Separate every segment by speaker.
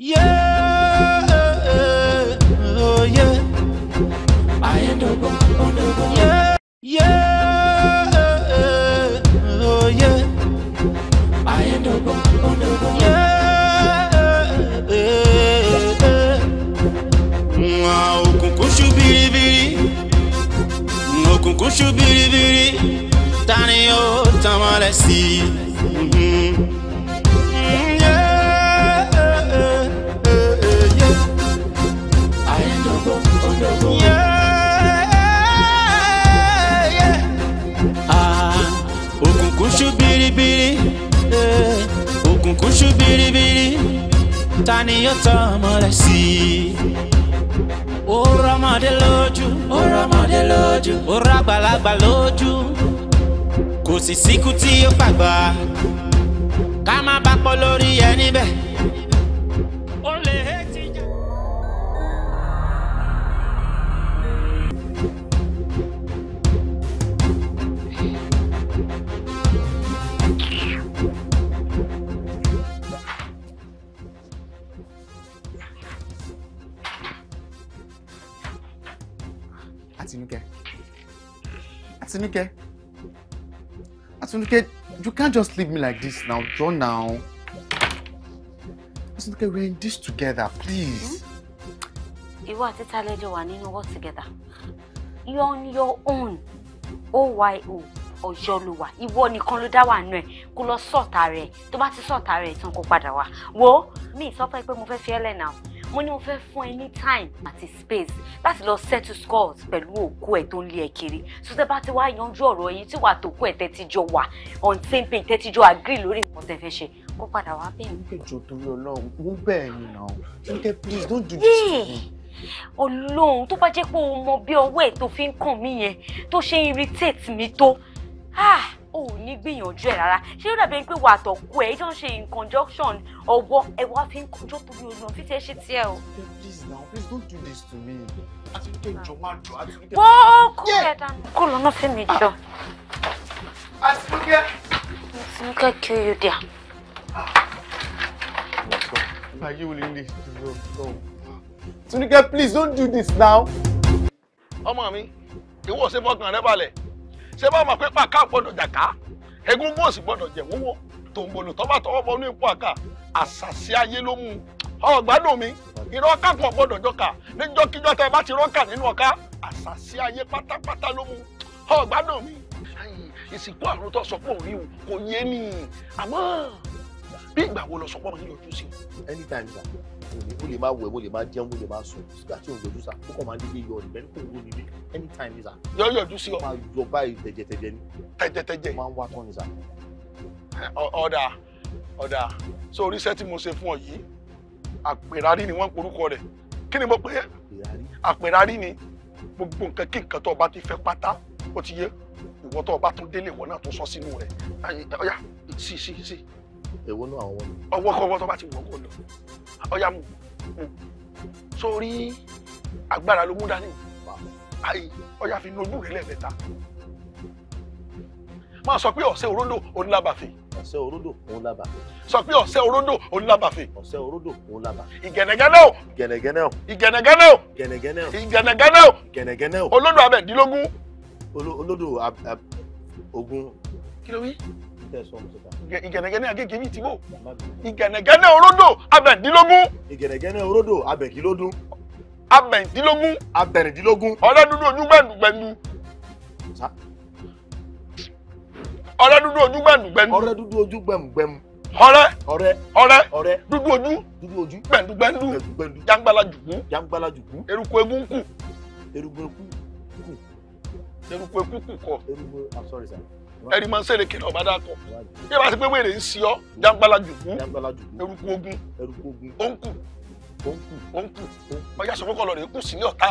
Speaker 1: Yeah, oh yeah. I end up on the boat. Yeah, yeah, oh yeah. I end up on the boat. Yeah. o kunkushu biribiri. o kunkushu biribiri. Tani o tamalesi. Mm-hmm. òkùnkùn ṣú biribiri ta ni yóò tọ́ ọmọ rẹ̀ sí i. ó rọmọdé lójú ó rọmọdé lójú ó rágbàlagbà lójú kò sì síkú tí ó fàgbà ká má bá pọ̀ lórí ẹ níbẹ̀.
Speaker 2: Atinúkẹ́, Atinúkẹ́, you can't just leave me like this now, draw now. Atinúkẹ́, we're in this together, please.
Speaker 3: You hmm? Ìwọ àti Tálẹ́jọ wà nínú work together. You're on your own. O ọjọ́ ló wà ìwọ nìkan ló dá wà nù ẹ̀ kó lọ sọ̀tà rẹ̀ to bá ti sọ̀tà rẹ̀ tán kó padà wá wo mi ìsọfẹ́ pé mo fẹ́ fi ẹ́ lẹ̀ náà mo ní mo fẹ́ fún ẹ ní time àti space láti lọ settle scores pẹ̀lú òkú ẹ̀ tó ń lé ẹ kiri so tẹ́ bá ti wá yanjú ọ̀rọ̀ yín tí wàá tókù ẹ̀ tẹ́tí jọ wà on same page tẹ́tí jọ agree lórí nǹkan tẹ́ fẹ́ ṣe kó padà wá bẹ́ẹ̀
Speaker 2: mi. ìjọ torí Ọlọ́run mo bẹ́ẹ̀ ni náà
Speaker 3: jíde please don't do this. Ọlọ́run tó bá jẹ́ pé o mọ bí ọwọ́ ẹ̀ tó fi ń kàn mí yẹn tó ṣe irritate mi tó. Ah! ò ní gbìyànjú ẹ̀ rárá ṣé ó dàbí pé wà á tọ̀kú ẹ̀ ìjọ ń ṣe in conjunction ọwọ́ ẹ wá fi ń kọjọ́ torí olùrànwọ́ fi ti ṣe tiẹ̀ o. please
Speaker 2: now please don't do this to me. àtúntò ìjọ máa jọ àtúntò.
Speaker 3: wọ́n kú ẹ̀ dànù kó lọ́nà fẹ́mi ah. jọ. kí o yóò dé à
Speaker 2: ayé please don't do this now. ọmọ mi ìwọ ṣe fọkàn rẹ balẹ̀ ṣé bá mọ̀ pé pàká gbọ́dọ̀ jàká egungun òsì gbọ́dọ̀ jẹ̀ wúwo tòǹbòlò tó bá tọwọ́ bọ inú ipò àká àṣàṣì ayé ló mú ọ gbádùn mi irọ́ ọ̀ká kan gbọ́dọ̀ jọkà níjọ́kíjọ́ tẹ bá ti rọ́kà nínú ọ̀ká àṣàṣì ayé pátápátá ló mú ọ gbádùn mi ìsìnkú àrùn tó sọ pé òun yìí kò yé mi àmọ́ bí ìgbà wo lọ sọ pé òun yọjú sí anytime mo lè máa wẹ̀ mo lè máa jẹun mo lè máa sùn sígbà o òun yọjú sa O kàn máa ń dédé yọ ọ̀nì bẹ́ẹ̀ kò wọ́n nílé anytime ni sa. yọ yọjú sí ọ. máa yọ báyìí tẹ̀jẹ̀tẹ̀jẹ̀ ni. tẹ̀jẹ̀tẹ̀jẹ̀. máa ń wá tán ni sa. ọ̀dà ọ̀dà so oríṣẹ́ tí mo ṣe fún ọ yìí àpèrárí ni wọ́n ń porúkọ rẹ̀ kí ni mo pè é àpèrárí ni gbogbo nǹkan kí nǹkan tó o bá ti fẹ́ pátá ó ti yé ìwọ tó o bá tún délé ìwọ náà tún sọ sínú rẹ̀ ọ̀yà sí sí sí. èwo náà àwọn ọmọ mi. ọwọ́ kọ́wọ́ tó bá ti wọ̀ kó lọ ọ̀yà mu mu sórí agbára ló mú dání ayi ọ̀yà fi nu ojú rẹ̀ lẹ́ẹ̀mẹ́ta máa sọ pé ọ̀sẹ̀ òróǹdò onílàbàfẹ́. ọ̀sẹ̀ òróǹdò onílàbàfẹ́. sọ pé ọ̀sẹ̀ òróǹdò onílàbàfẹ́. ọ̀sẹ̀ òróǹdò onílàbàfẹ́. ìgẹ̀nẹ̀gẹ̀nẹ̀ o. gẹ̀nẹ̀gẹ̀nẹ̀ o. ìgẹ̀nẹ̀gẹ̀nẹ̀ o. gẹ̀nẹ̀gẹ̀nẹ̀ o. ìgẹ̀nẹ̀gẹ̀nẹ̀ o. gẹ̀nẹ̀gẹ̀nẹ̀ o. olódò abẹ́ẹ̀dínlógún. olódò ogun. kí ló wí ìgẹ̀nẹ̀gẹ̀nẹ̀ agége ti wò ìgẹ̀nẹ̀gẹ̀nẹ̀ oródò abẹ̀dínlógún. ìgẹ̀nẹ̀gẹ̀nẹ̀ oródò abẹ̀kílódún. abẹ̀dínlógún. abẹ̀rìndínlógún. ọlọ́dúndú ojú gbẹ̀ndùgbẹ̀ndu. ọlọ́dúndú ojú gbẹ̀ndùgbẹ̀ndu. ọrẹ ọrẹ ọrẹ ọrẹ dúdú ojú dúdú ojú gbẹ̀ndùgbẹ̀ndu jangbala jùkú jangbala jùkú eruku egungun eruku egungun eruku egungun kọ. eruku i'm sorry sir ẹ̀rí máa ń sẹ́lẹ̀ kí náà bá dàpọ̀
Speaker 3: bí ẹ bá ti
Speaker 2: pé wèrè ń si ọ́ jàǹgbàlà jùkú eruku ogun ó ń kù ó ń kù ó ń kù ọjà sọ fọkọ lọrẹ kù sílé ọ̀tá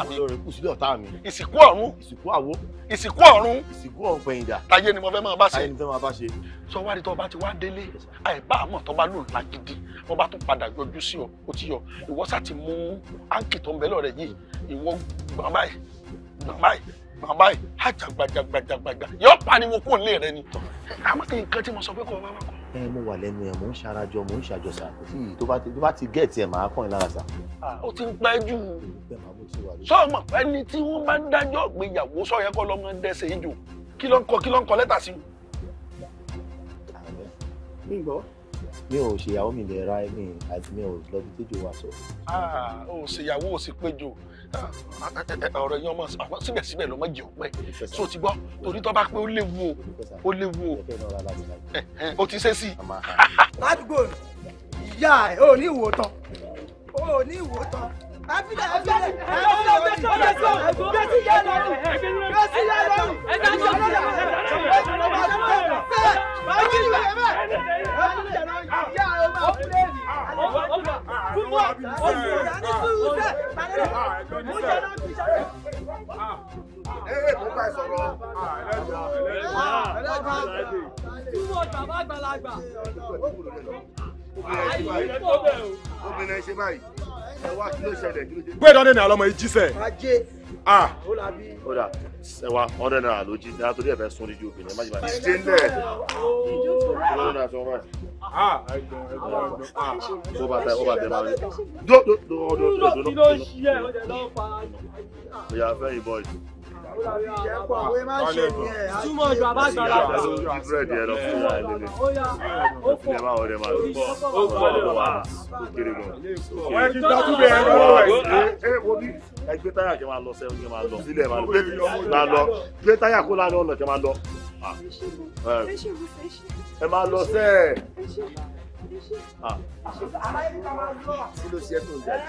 Speaker 2: ọ̀tá mi ìsìnkú ọ̀run ìsìnkú àwo ìsìnkú ọ̀run ìsìnkú ọ̀run táyé ni mo fẹ́ máa bá ṣe táyé ni mo fẹ́ sọ wá tó o bá ti wá délé àìbá àmọ́ tó bá lò lágídí tó bá tún padà yọjú sí ọ ó ti yọ ìwọ sá ti mú áńkì tó ń bẹ lọ́rẹ̀ yìí ìwọ gbọ̀n báyìí bàbá yìí àjàgbàjàgbàjàgbàjà yọ pariwo kó lè rẹ ni. àmọ́ kí nǹkan tí mo sọ pé kò wá wá kọ. ẹ mo wà lẹ́nu ẹ mò ń ṣarajọ mò ń ṣàjọsà kò sí hmm. tó bá ti tó bá ti gẹ̀ẹ́tì ẹ̀ máa kàn ẹ́ lára sà. ó ti ń pẹ́ jù sọ́ọ̀mọ̀ ẹni tí wọ́n bá ń dájọ́ ìgbéyàwó sọ́yẹ́ kọ́ lọ́mọ dẹ́sẹ̀ ìjò kí ló ń kọ kí ló ń kọ lẹ́tà sí. mi ò ṣèyàwó mi lè ra ẹ̀mí àti mi ò lọ bí tẹ́jọ́ wa sọ. ò ṣèyàwó ò sì péjọ Ah, ọ̀rọ̀ yẹn ọmọ àmọ́ síbẹ̀síbẹ̀ ló má jẹ́ òpẹ́ tó ti gbọ́ torí tó bá pé ó léwu o ó léwu o ó ti ṣe sí. ládùúgbò ìyá ẹ ò ní ìwòtán ò ní ìwòtán àfilẹ̀ àfilẹ̀ àfilẹ̀ bẹ́sọ̀ bẹ́sọ̀ bẹ́sí yẹ
Speaker 3: lọ́rùn bẹ́sí yẹ lọ́rùn ẹ̀dá tó ń bọ̀ bẹ́ẹ̀ báyìí wẹ̀ bẹ́ẹ̀ yà á máa fúlẹ̀ ní fúnbọ̀ oṣù ìdáni fúnbọ̀ sẹ́ pàdé mú yẹ lọ́rùn tó ṣẹlẹ̀.
Speaker 2: Ee mo bá sọ̀rọ̀
Speaker 3: ẹlẹ́dàá ẹlẹ́dàá ẹlẹ́dàá. Túwọ̀ bàbá àgbàlagbà obìnrin
Speaker 2: ṣe báyìí ẹ wá kí ló ṣẹlẹ̀ kí ló dé. gbé ìdánilẹ̀ àlọ́mọ yìí jí sẹ́. ajé ah ó dà ẹwà ọ̀rẹ́ náà ló jí dáa torí ẹ̀ fẹ́ sún níjú obìnrin má jìbá yìí. ṣé ń dẹ̀
Speaker 3: ọ̀rẹ́ náà sọ wáyé.
Speaker 2: ó bá bẹ ó bá bẹ máa rí. dó dó dó dó dó dó dó dó dó dó dó dó dó dó dó dó dó
Speaker 3: ìjẹ́pọ̀wé má ṣe ní ju abágbára lọ. búrẹ́dì ẹ lọ fún wa
Speaker 2: lélẹ̀ ó fi lè lọ ó pọ̀ lọ máa lọ sẹ́yìn máa lọ sílẹ̀ máa lọ gbé táyà kó lánàá ọ̀nà kẹ́ máa lọ. ẹ máa lọ sẹ́ẹ̀. Ah. kí ló ṣe fún ìjà eh?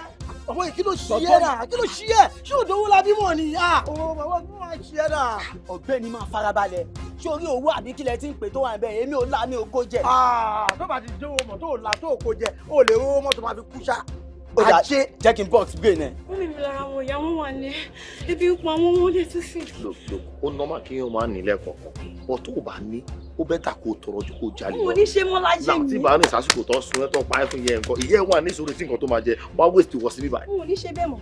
Speaker 2: ọmọ yìí kí ló ṣí ẹ rà kí ló ṣí ẹ ṣé òdòwó la bímọ ni ọmọ ah. bàbá kí wọn ṣí ẹ rà. ọ̀gbẹ́ni máa farabalẹ̀ ṣé orí owó àbíkílẹ̀ tí ń pè tó wà ń bẹ̀ èmi ò la mi ò kó jẹ. Ah, tó bá ti dínwó mọ̀ tó la tó kó jẹ ó lè rówó mọ́tò máa fi kú ṣá. ó dà jẹ́ kí n box gbé nẹ.
Speaker 3: wọ́n mímí lára wọn ìyá wọn wà ní
Speaker 2: ibi ń pa wọn wọn lè tún sí. lòkòlòkò ó nọ́mà kí wọ́n máa nílẹ̀ kọ̀ọ̀kan ó bẹ́tà kó tọrọ ju kó jalè lọ. mo ní ṣe
Speaker 3: mọ́ láyé mi. láti bá
Speaker 2: ní ìsásùkò tó sun ẹ́ tó pa ẹ́ fún yẹn nǹkan ìyá ẹ̀ wà ní ìṣòro tí nǹkan tó máa jẹ wá wéèsì wọ sí bíbá. mo ní ṣe bẹ́ẹ̀ mọ́.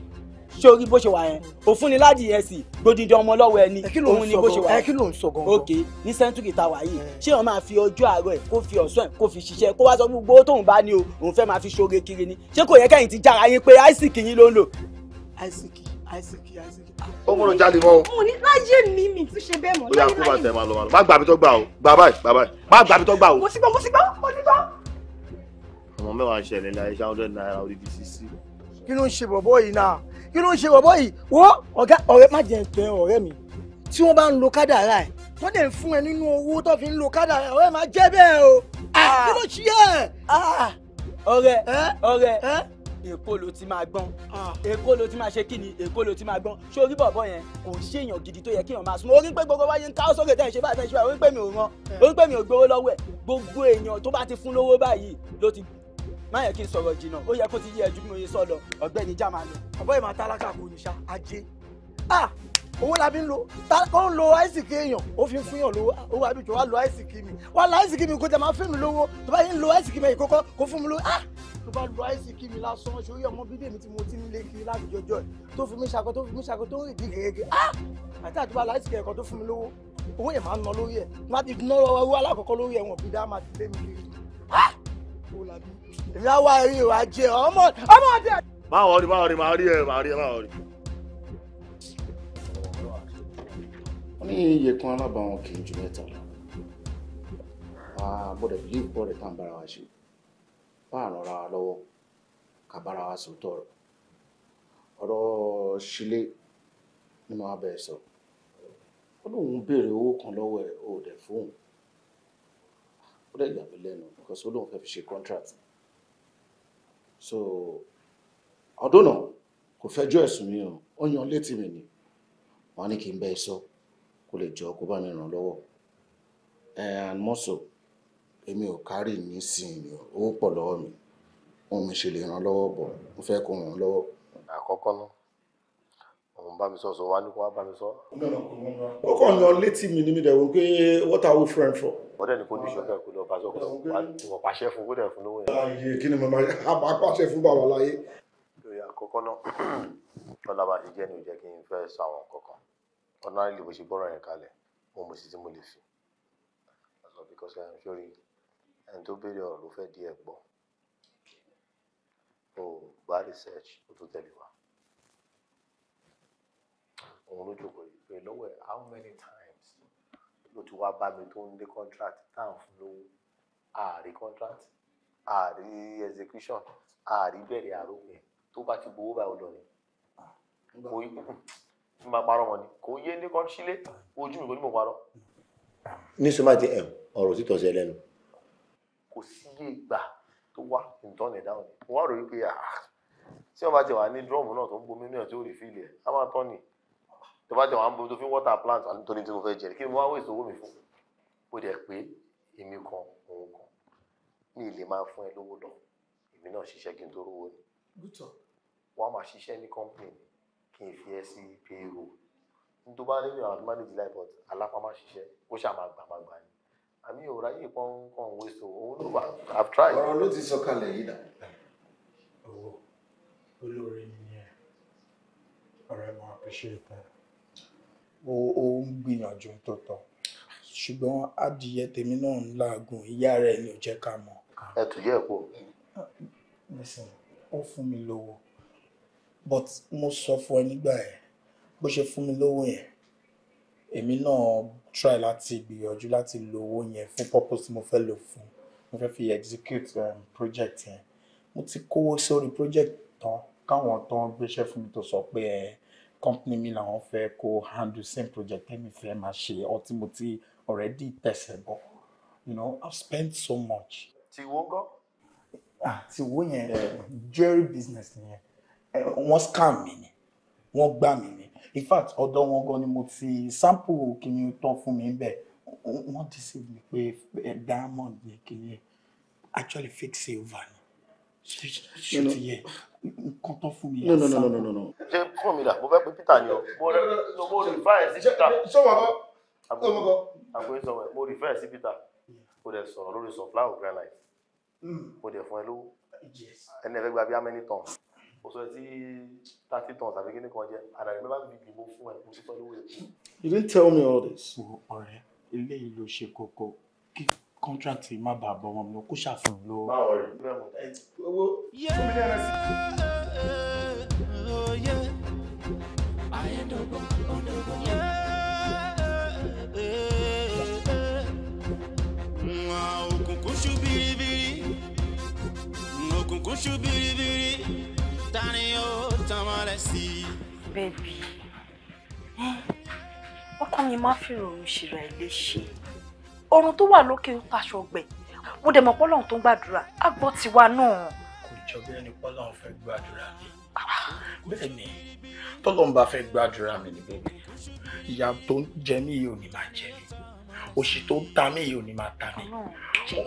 Speaker 2: ṣé orí bó ṣe wà yẹn òfun ni láti yẹn sì gbódìdí ọmọ lọ́wọ́ ẹni òun ni bó ṣe wà yẹn. ok ní sẹ́ńtúrì ta wà yìí mm. ṣé wọn máa fi ọjọ́ àárọ̀ ẹ̀ kó fi ọ̀sán ẹ̀ kó fi ṣiṣẹ́ kó wá sọ gbogbo owó tóun bá ní o òun fẹ́ máa fi ṣoore kiri ni ṣé kò yẹ kẹ́yìn ti jára yín pé àìsíkì yín ló ń lò. àìsíkì àìsíkì àìsíkì. ó gbọ́dọ̀ jáde mọ́ o.
Speaker 3: mo ní láyé mi mi tún ṣe bẹ́ẹ̀ mọ́. ó yá kó bá tẹ̀
Speaker 2: máa lọ máa lọ má gbàbí tó gbà o bàbá ẹ̀ bàbá ẹ̀ má gbàbí tó gbà o. mo
Speaker 3: ti gbọ́ mo ti gbọ́ mo ti gbọ́.
Speaker 2: ọmọ mẹ́wàá ṣẹlẹ̀ ní àyíṣà hundred naira odidi sisi. kí ló ń ṣe bọ̀bọ̀ yìí náà kí ló ń ṣe bọ̀bọ̀ yìí wo ọ̀gá ọ̀rẹ́ má jẹ́ ìpẹ́ ọ̀rẹ́ mi tí wọ́n bá ń lo kádàrá ẹ̀ tó dẹ̀ ń fún ẹ nínú owó tó fi ń lo kádàrá ọ̀rẹ́ má jẹ́ bẹ́ẹ̀ o ah. Ah, kí ló ṣe é. Ah. ọ̀rẹ́ ọ̀rẹ́ èkó ló ti máa gbọ́n ah. èkó ló ti máa ṣe kí ni èkó ló ti máa gbọ́n ṣé orí bọ̀bọ̀ yẹn kò ṣe èèyàn gidi tó yẹ kí èèyàn máa sún orí pé gbogbo wáyé ń ká sókè tẹ̀ ṣe báyìí tẹ̀ ṣe báyìí orí pé mi ò ràn eh. orí pé mi ò gbowó lọ́wọ́ ẹ̀ gbogbo èèyàn tó bá ti fún lówó báyìí ló ti má yẹ kí n sọ̀rọ̀ jìnnà ó yẹ kó ti yí ẹjú bí mo yẹ sọ lọ ọ̀gbẹ́ni jámánù. ọ̀bọ̀ ìmọ̀ tálákà kò ní sa ajé ah! owó la fi ń lo ó ń lo àìsìkì èèyàn ó fi ń fún yàn lówó owó àdújọ wa lo àìsìkì mi wa la àìsìkì mi kó jẹ máa fún mi lówó tó bá yẹ ń lo àìsìkì mi kókó kó fún mi lówó ah! tó bá lu àìsí kí mi lásán ṣe ó ọmọ bídè mi tí mo ti ń lé kiri láti jọjọ tó fi mí ṣàkó tó fi mí ṣàkó tó ń rìn bí gègé ah àti àti àìsí kẹ̀kọ́ tó fún mi lówó owó yẹn máa ń ná lórí ẹ̀ má ti ná owó alákọ̀ọ́kọ́ lórí ẹ̀ wọ̀n bí máa ti lé mi kiri ah ó làbí èmi á eré ìwà jẹ ọmọ ọmọ ọdẹ. máa wọ rí máa rí máa rí ẹ máa rí ẹ máa rí. wọ́n ní iye kan alábàáwọn kì í ju mẹ́ta lọ. Ah, àfáà ràn ra lọ́wọ́ ká bára wa sòótọ́ ọ̀rọ̀ ọ̀rọ̀ sílé ni mo wá bẹ̀rẹ̀ sọ ó lóun béèrè owó kan lọ́wọ́ ẹ̀ ó dẹ̀ fóun ó dẹ̀ yà mí lẹ́nu because ó lóun fẹ́ fi ṣe contract so ọdún náà kò fẹjọ́ ẹ̀sùn mi o ó yan létí mi ni wọn ní kí n bẹ́ẹ̀ sọ kó lè jọ kó bá mi ràn lọ́wọ́ eh, and more so èmi ò kárì nísìnyí owó pọ̀ lọ́wọ́ mi wọn mi ṣe lè ràn lọ́wọ́ bọ̀ mo fẹ́ kó ràn lọ́wọ́. àkọ́kọ́ náà òun bá mi sọ sọ wá ní bá mi sọ. ó kàn lọ létí mi ní mi pé what are friend for. wọ́n dẹ̀ ní kó ní ìṣọ́kẹ́ kó lọ bá sọ́kọ́ wọ́n pàṣẹ fún kó fún lówó yẹn. kí ni màmá a pàṣẹ fún bàbá láyé. lórí àkọ́kọ́ náà ọlọ́ba ti jẹ́ ní ó jẹ́ kí n fẹ́ sọ àwọn kọ̀ọ̀kan ọ̀nà ìlú bó ṣe gbọ́rọ̀ yẹn kalẹ̀ mo mọ̀ sí tí mo lè fi. because eh, I'm sure ẹni tó béèrè ọ̀rọ̀ ló fẹ́ díẹ̀ gbọ́ o gba research o tó tẹ̀lé wa òun ló jókòó yìí pé lọ́wọ́ ẹ̀ how many times ló ti wá bá mi tó ń lé contract tá à ń fún lówó ààrí contract ààrí execution ààrí bẹ̀rẹ̀ àròpin tó bá ti gbowó báyìí ó lọ ni kò yí fún ma parọ́ wọn ni kò yé ní kọ́ńtílé ojú mi kò ní mọ̀ parọ́. ní sọ́mà ti ẹ̀ ọ̀rọ̀ títọ́ sí ẹlẹ́nu kò sí iye ìgbà tó wá ìtọ́nì dáhùn ni wọ́n rò wípé ah, tí wọ́n bá ti wà ní drum náà tó ń bomi náà tí ó rí fíìlì ẹ̀ á máa tọ́nì tó bá ti wà ń bomi tó fi water plant àti tóní tí mo fẹ́ jẹ kí ni mo wá wé ìṣòwò mi fún bó dẹ̀ pé èmi kan òun kan mi ì lè máa fún ẹ lówó lọ èmi náà ṣiṣẹ́ kí n tó rówó ni wọ́n á máa ṣiṣẹ́ ní company kí n fi ẹ sí payroll nítorí bá rí àwọn àdúgbò méjìlá ìbọ̀t alápámá ṣiṣẹ́ kó ṣàmàgbà máa ni àmì ò ráyè pọ́nkàn wẹ̀sọ̀ òun ló wà i've tried. ọ̀rọ̀ ló ti sọ kalẹ̀ yìí dà. owó olórí ni ẹ ọ̀rẹ́ mo appreciate that. o ò ń gbìyànjú tó tọ́ ṣùgbọ́n adìyẹ tèmi náà ń làágùn ìyá rẹ̀ ni ò jẹ́ ká mọ̀. ẹ tù yẹ kó. listen ó fún mi lówó but mo sọ fún ẹ nígbà yẹn bó ṣe fún mi lówó yẹn èmi náà try láti gbìyànjú láti lo owó yẹn fún purpose tí mo fẹ́ lò fún mo fẹ́ fi execute um, project yẹn mo ti kówó sórí project tán káwọn tó ń gbéṣẹ́ fún mi tó sọ pé ẹ company mi làwọn fẹ́ kó handle same project tẹ́mi fẹ́ máa ṣe ọtí mo ti already tẹ̀sẹ̀ bọ̀ you know I've spent so much. ti wo gọ́. ah ti wo yẹn jerry business nìyẹn wọ́n scam mi ni wọ́n gbà mí ni in fact ọ̀dọ̀ wọn gan ni mo ti sample kìíní tán fún mi bẹ́ẹ̀ wọ́n deceive mi pé diamond ni kìíní actually fake silver ni ṣe ti yẹ nǹkan tán fún mi. no no no no no no. ṣe fún mi là mo fẹ́ pe peter ni o mo rẹ mo refer sí peter. sọ́wọ́ kọ́ sọ́wọ́ kọ́. àgbẹ̀ sọ̀rọ̀ mo refer sí peter mo dẹ̀ sọ̀rọ̀ lórí sunflower granite hmm. mo dẹ̀ fún ẹ lówó ẹni ẹ fẹ́ gba bí how many tons o sọ ti thirty tons àbí kíní kan jẹ and I remember big ìbò fún ẹ mo tún lówó èkó. you didn't tell me all this. wo ọ̀rẹ́ eléyìí ló ṣe kókó kí contract má bàa bọ ọmọ lọ kó ṣàfihàn lọ. báwo rẹ bẹ́ẹ̀ mo ẹ owó omi ní ẹrẹ sí.
Speaker 1: Oh, òkùnkùn ṣú biribiri tani yóò tán mọ́lẹ̀ sí i. bẹ́ẹ̀bi
Speaker 3: ọkọ mi máa fi ròrùn ṣìrà ilé ṣe oorun tó wà lókè ń paṣọ ọgbẹ mo dẹ̀ mọ̀ pọ́lọ́run tó ń gbàdúrà á gbọ́ tiwa náà.
Speaker 2: kò jọ bí ẹni pọ́lọ́run fẹ́ gbàdúrà mi bẹ́ẹ̀ ni tọ́lọ́run bá fẹ́ gbàdúrà mi ni bẹ́ẹ̀ ìyà tó ń jẹ mí yìí ò ní máa jẹ mí òṣì ta mí yìí ò ní máa ta mí mo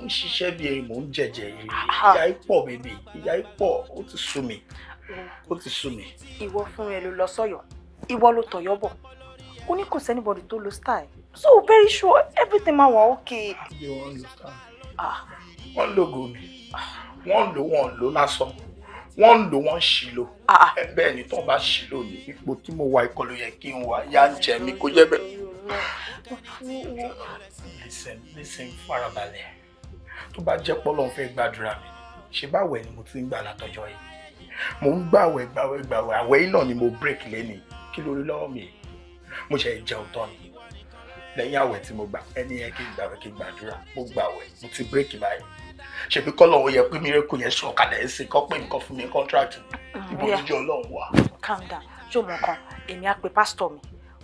Speaker 2: ń ṣiṣẹ́ bí erin mo ń jẹ̀jẹ̀ erin ah, ah. ìyà ipò bèbè ìyà ipò ó ti sú mi ó ti sú mi.
Speaker 3: ìwọ fún ẹ ló lọ sọyọ ìwọ ló tọyọ bọ ó ní kò sẹ́nibọ̀dì tó lo star so very sure everything ma wà okay.
Speaker 2: ṣé wọ́n lo star ah. wọ́n lo gòmí wọ́n lo wọ́n lo lásán wọ́n ń lò wọ́n ṣì lò ah, ah. bẹ́ẹ̀ ni tó bá ṣì lò ní ipò tí mo wà ìkọlù yẹ kí n wà yá ń jẹ mi kó jẹ́ bẹ́ẹ̀. listen listen farabalẹ̀ tó bá jẹ́ pọ́lọ́n fẹ́ gbàdúrà mi ṣe báwẹ̀ ni mo ti ń gbà látọjọ́ yìí mo ń gbàwẹ̀ gbàwẹ̀ gbàwẹ̀ àwẹ̀ iná ni mo break lẹ́nìí kí lórí lọ́wọ́ mi mo ṣe jẹun tán ni lẹ́yìn àwẹ̀ tí mo gbà ẹni yẹn kí n gbàwẹ̀ kí n gbàdúrà mo gbàwẹ̀ mo ti break báyìí ṣèbí kọ́ lọ́wọ́ yẹ pé miracle yẹn ṣọ̀kadà ẹ̀ sìn kọ́ pé nǹkan fún mi contract
Speaker 3: ah, ibo ọlọ́run wà. calm down ṣó mọ kan èmi á pe pásítọ̀ mi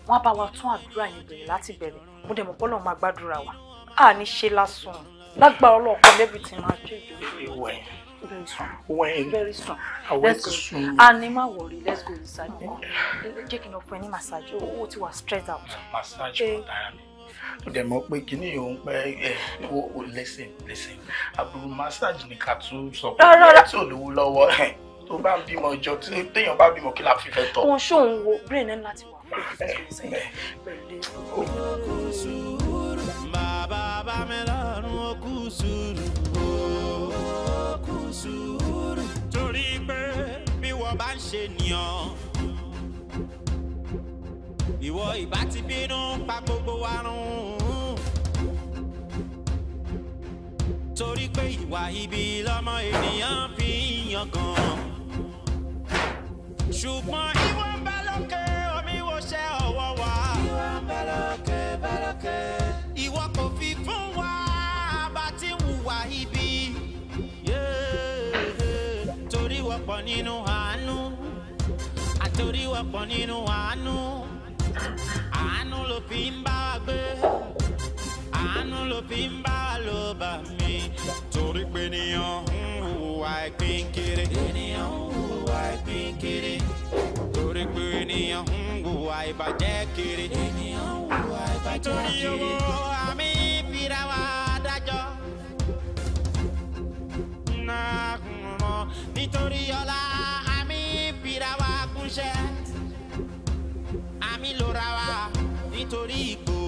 Speaker 3: wọ́n á bá wa tún àdúrà yẹn bẹ̀rẹ̀ láti bẹ̀rẹ̀ mo dẹ̀ mọ̀ pé ọlọ́run máa gbàdúrà wa a ní ṣe lásán lágbára ọlọ́run kan máa ṣe ìjọba. Very strong. When? Very strong. let's go. Soon. And worry. Let's go inside. Jẹ́ kí n fún massage. Ó ti wà stressed out. Massage for Diane.
Speaker 2: Ó dẹ̀ mọ̀ pé listen listen. Àbúrò massage ni ká tún sọ pé ẹ̀ tí ò lówó lọ́wọ́ ẹ̀ tó bá ń bímọ ìjọ tí téèyàn bá bímọ kí
Speaker 3: brain
Speaker 1: ẹ̀ sùúrù torí pé bí wọ́n bá ń ṣe nìyàn. ìwọ ìbá ti bínú pa gbogbo wa run. torí pé ìwà ibi lọmọ ènìyàn fi ń yangàn. ṣùgbọ́n ìwọ. nínú àánú àtòríwọ̀pọ̀ nínú anu, anu, ló fi gbé anu, ló fi lò bá mi torí pé ènìyàn ń hùwà ìpín kiri ènìyàn ń hùwà ìpín kiri torí pé ènìyàn ń hùwà ìbàjẹ́ kiri ènìyàn ń hùwà ìbàjẹ́ kiri. torí owó àmì ìfira dájọ́ náà nítorí ọlá. ló ra wa nítorí ìgbò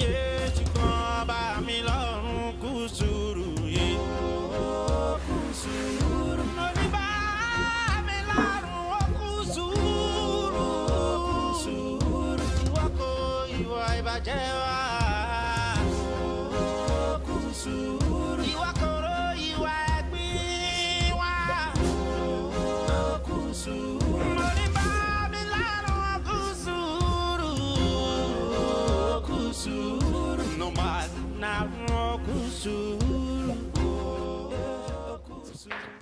Speaker 1: Jésù kan bá mi lọ́rùn kú sùúrù yé. kú sùúrù. wa. sùúrù ó kù sùúrù.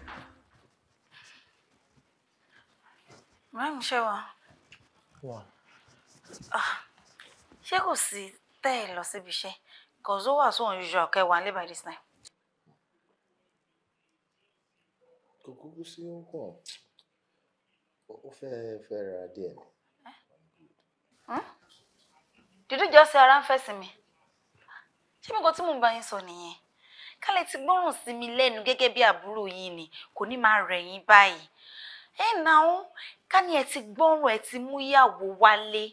Speaker 3: Màámi ṣe wà. Wà. Ah, ṣé kò sí tẹ́ ẹ lọ síbi iṣẹ́? Kọ̀zó wà sóhun yíyọ ọ̀kẹ́wà nílé by this time.
Speaker 2: Kò kúkú sí ó kàn. Ó fẹ́ fẹ́ ra díẹ̀ ni.
Speaker 3: Hm? Did you just say ara ń fẹ́ sí ṣé bí nǹkan tí mò ń bá yín sọ nìyẹn ká lè ti gbọ́ràn sí mi lẹ́nu gẹ́gẹ́ bí àbúrò yín ni kò ní máa rẹ̀ yín báyìí ẹ náà ká ní ẹ ti gbọ́ràn ẹ ti mú ìyàwó wálé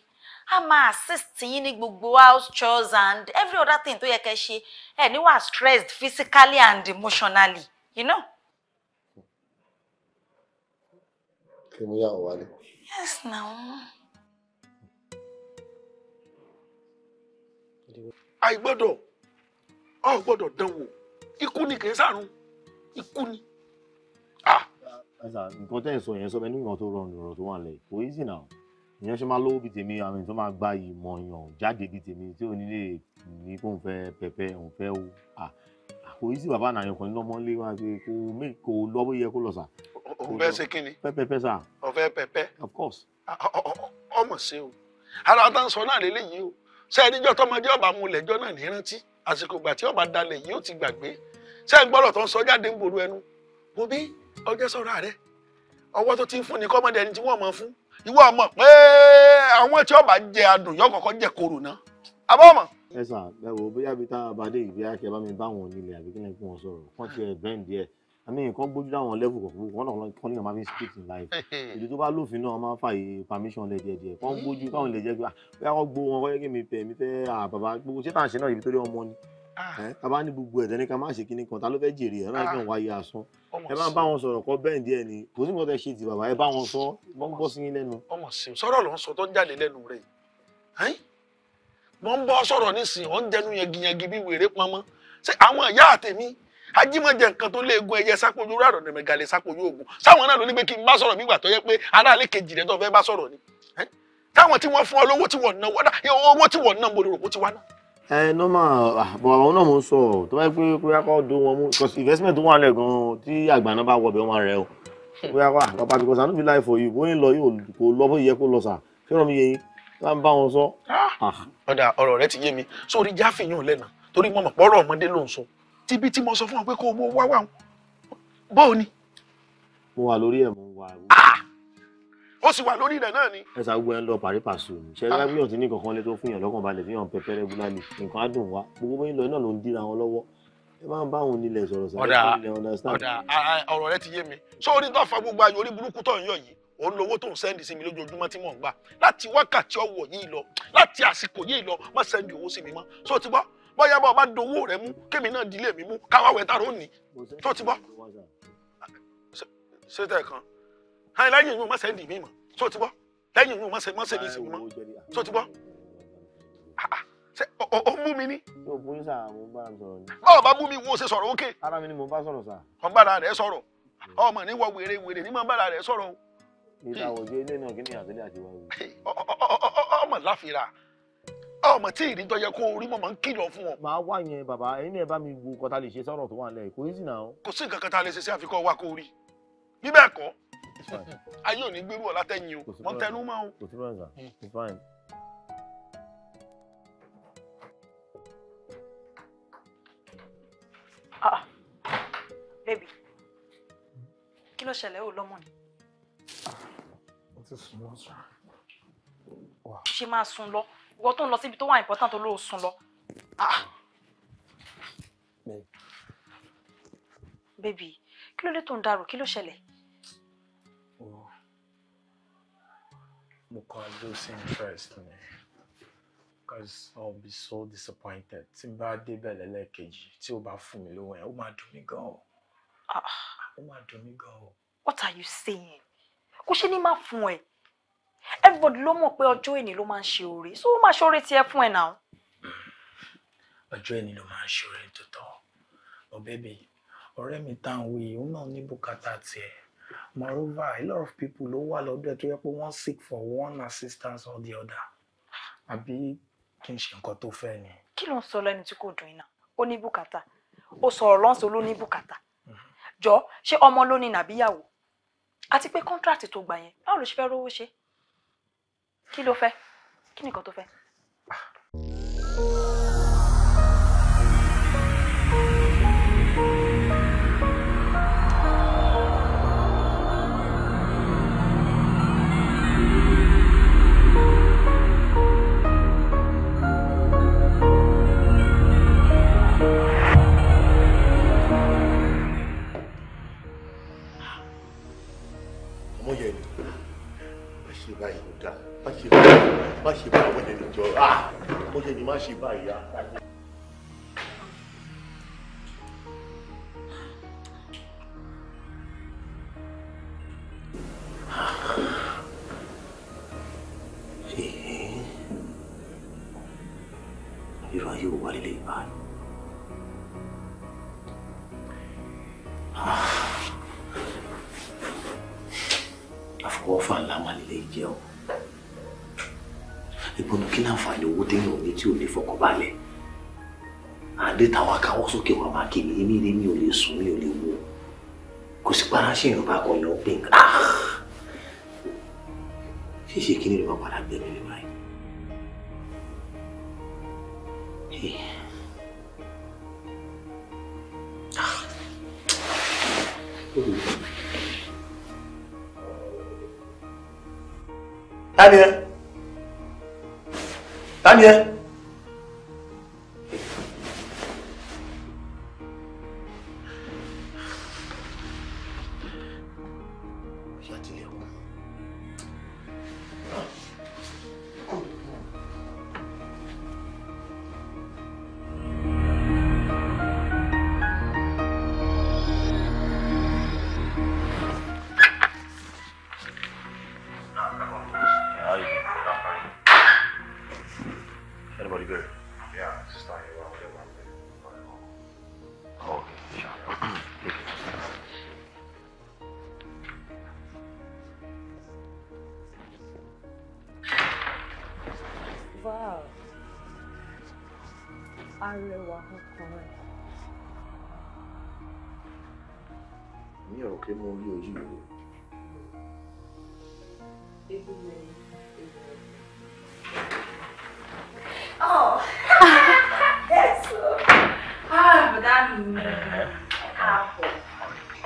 Speaker 3: a máa assist yín ní gbogbo house chores and every other thing tó yẹ kẹ́ ṣe ẹ ní wà stressed physically and emotionally you know.
Speaker 2: kí mú ìyàwó wálé.
Speaker 3: yes náà.
Speaker 2: àìgbọ́dọ̀. No ọ gbọ́dọ̀ dán ikú ni kìí sàrùn ikú ni. nǹkan tẹ́ ẹ̀ sọ yẹn sọ bẹ́ẹ̀ nígbà tó rọrùn ọ̀rọ̀ tó wà lẹ̀ kò í sì náà ìyẹn ṣe máa lówó bíi tèmi àmì tó máa gba ìmọ̀ èèyàn jáde bíi tèmi tí ò nílé ní kó n fẹ́ pẹpẹ òun fẹ́ o kò í sì bàbá ànàyàn kan lọ́mọ lé wá pé kò mí kò lọ bó yẹ kó lọ sà. òun fẹ́ ṣe kí pẹ́pẹ́pẹ́ sà. ọ̀fẹ́ pẹ́pẹ́. of course. ọmọ ṣe o ara ta ń sọ náà lélẹ́yìí o ṣe ẹníjọ́ tọmọdé ọba amúlẹ̀jọ́ náà ní rántí àsìkò ìgbà tí ọba dalẹ yìí ó ti gbàgbé ṣe ń gbọ́dọ̀ tó ń sọ jáde ń ború ẹnu mo bí ọjọ́ sọ̀rọ̀ rẹ ọwọ́ tó ti ń fún ni kọ́mọdé ẹni tí wọ́n mọ̀ fún ìwọ ọmọ pé àwọn tí ọba jẹ adùn yọ kọ̀ọ̀kan jẹ koro ná abọ́mọ̀. ẹ sà bóyá bíi tá a bá dé àmì nǹkan gbójú dáwọn lẹ́bù kọ̀ọ̀kan wọn náà kọ́ nígbà máa fi speak in life ìlú tó bá lófin náà máa ń fààyè permission lẹ díẹ̀ díẹ̀ kàn gbójú káwọn lè jẹ́ pé ah, bóyá wọ́n gbó wọn kọ́ yẹ́gẹ́ mi fẹ́ mi fẹ́ ah, bàbá gbogbo ṣé tà ń ṣe náà ibi tó rí ọmọ ni ah. ẹ bá ní gbogbo ẹ̀dẹ́ ní ká má ṣe kíní kan ta ló fẹ́ jèrè ẹ̀ náà kàn wáyé asán ẹ bá ń bá wọn sọ̀rọ̀ kọ́ bẹ́ẹ̀ díẹ̀ ni kò sí nǹkan tẹ ṣe ti bàbá ẹ bá wọn sọ wọ́n ń bọ́ sí yín lẹ́nu. ọmọ sí sọ̀rọ̀ ló ń sọ tó ń jáde lẹ́nu ajímọ̀jẹ̀ nǹkan tó léegun ẹyẹ sápòjú rárọ̀ ní mẹ̀gàlẹ̀ sápòjú ògùn sáwọn náà ló ní pé kí n bá sọ̀rọ̀ nígbà tó yẹ pé aráàlú kejì rẹ̀ tó fẹ́ bá sọ̀rọ̀ ni táwọn tí wọ́n fún ọ lówó tí wọ́n ná owó tí wọ́n ná mo rò pé ti wá ná. ẹ nọ́mà bọ̀ ah, àwọn náà mo ń sọ tó bá yẹ pé pé akọ́ do wọn mú because investment tó wà lẹ̀ gan-an tí àgbà náà bá wọ̀ bẹ́ẹ̀ wọn rẹ̀ o pé akọ́ àpapọ̀ because I no be lie for you bóyá lọ yóò kó lọ bó yẹ kó lọ sà ṣé ọ̀rọ̀ mi yẹ yín máa ń bá wọn sọ. Ah, ah. ọ̀dà ọ̀rọ̀ rẹ ti yé mi sórí jáfìyàn lẹ́nà torí mo mọ̀ pọ̀rọ̀ ọmọdé ló ń sọ tíbi tí mo sọ fún ọ pé kó o mú wá wà bóò ni. mo wà lórí ẹ̀ mo wà. Ah! ó sì wà lórí rẹ̀ náà ni. ẹ sá gbogbo ẹ ń lọ pàrí pàṣẹ òní ṣe ẹgbẹ́ ah. gbìyànjú ní kankan lẹ́tọ́ fún yàn lọ́kàn balẹ̀ fi hàn pẹpẹ rẹ́gúlálì nǹkan á dùn wá gbogbo bóyá lọ iná ló ń díra wọn lọ́wọ́ ẹ máa ń bá òun nílẹ̀ sọ̀rọ̀ sọ̀rọ̀ ọ̀dà ọ̀rọ̀ rẹ ti yé mi sórí tó fa gbogbo ayò orí burúkú tó ń yọ yìí òun lówó tó ń sẹ́ndì sí mi lójoojúmọ́ tí mò ń gbà láti wákàtí ọwọ́ yìí lọ láti àsìkò yìí lọ má sẹ́ndì owó sí mi mọ́ sọ ti gbọ́ bóyá bá ọba dowó rẹ mú kémi náà dílé mi mú káwá wẹ̀ tá lónìí tó ti bọ́ ṣe tẹ̀ kan hàn lẹ́yìn inú mọ́sẹ̀ ndì mí mọ̀ tó ti bọ́ lẹ́yìn inú mọ́sẹ̀ mọ́sẹ̀ ní ìsìn mọ́ tó ti bọ́ ṣe o mú mi ní. yóò bú ní sáà mo bá sọ̀rọ̀ ni. báwo bá bú mi wo ṣe sọ̀rọ̀ ókè. ara mi ni mo bá sọ̀rọ̀ sà. ọ̀nbára rẹ̀ sọ̀rọ̀ ọmọ ní wọ wèrè wèrè ní mọ̀ ọ̀nbára rẹ̀ sọ̀rọ̀ o. ìta àwọ̀jọ ilé náà kí ni àtẹlẹ àti wàá wò. ọmọ láfira ọmọ tí ìrìn tó yẹ kó orí mọ̀ máa ń kìlọ̀ fún ọ. màá wá yẹn bàbá ẹ̀yin náà bá mi wo kọta lè ṣe sọ̀rọ̀ tó wà nílẹ̀ kò easy now. kò sí nǹkan kan tá a lè ṣe sí àfikọ́ wa kó rí bí bẹ́ẹ̀ kọ́ ayé ò ní gbérú ọ̀la tẹ́yìn o wọ́n tẹnu mọ́ o. kò sí hmm. fúnra ẹ̀
Speaker 3: Ah, baby, kí ló ṣẹlẹ̀ ó lọ́mọ ni?
Speaker 1: Ó ti sùn lọ́sùn.
Speaker 3: Ṣé máa sùn lọ? wọ́n tó ń lọ síbi tó wà important olóò sùn lọ. Ah. bébì kí ló dé tó ń dàrú kí ló ṣẹlẹ̀.
Speaker 2: mo kàn lose interest ni because I'll be so disappointed tí n bá débẹ̀ lẹ́lẹ́kejì tí ó bá fún mi lówó yẹn ó máa dùn mí gan o ah. ó máa dùn mí gan o.
Speaker 3: what are you saying? kò ṣe ní máa fún ẹ everybody ló mọ̀ pé ọjọ́ èní ló máa ń ṣe oore so ó máa ṣoore tiẹ̀ fún ẹ náà.
Speaker 2: ọjọ́ èní ló máa ń ṣe oore tó tọ́ ọ bẹ́bí ọ̀rẹ́ mi tá à ń wí òun náà ní bùkátà tiẹ̀ moreover a lot of people ló wà lọ́dọ̀ ẹ̀ tó yẹ pé wọ́n seek for one assistance or the other àbí kí n ṣe nǹkan tó fẹ́ ni.
Speaker 3: kí ló ń sọ lẹ́nu tí kò dùn iná ó ní bùkátà ó sọ̀rọ̀ lọ́nṣọ́ ló ní bùkátà mhm. jọ ṣé ọmọ ló ní nàbíyàwó àti pé kọ́ńtrátì tó gbà yẹn báwo ló ṣe fẹ́ rówó ṣe kí ló fẹ́ kí nìkan tó fẹ́.
Speaker 2: má ṣe báyìí wọ́n yẹn níjọ ah mo ṣe ni má ṣe báyìí ah. lè sùn mi ò lè wò kò sí para ṣe èèyàn bá kọ yọ pé ah! ṣe ṣe kí ni ló padà gbé mi ní báyìí. Tani ẹ? Tani ẹ? mi ò kí mú orí ojú rẹ.
Speaker 3: Oh, yes. Ah, but that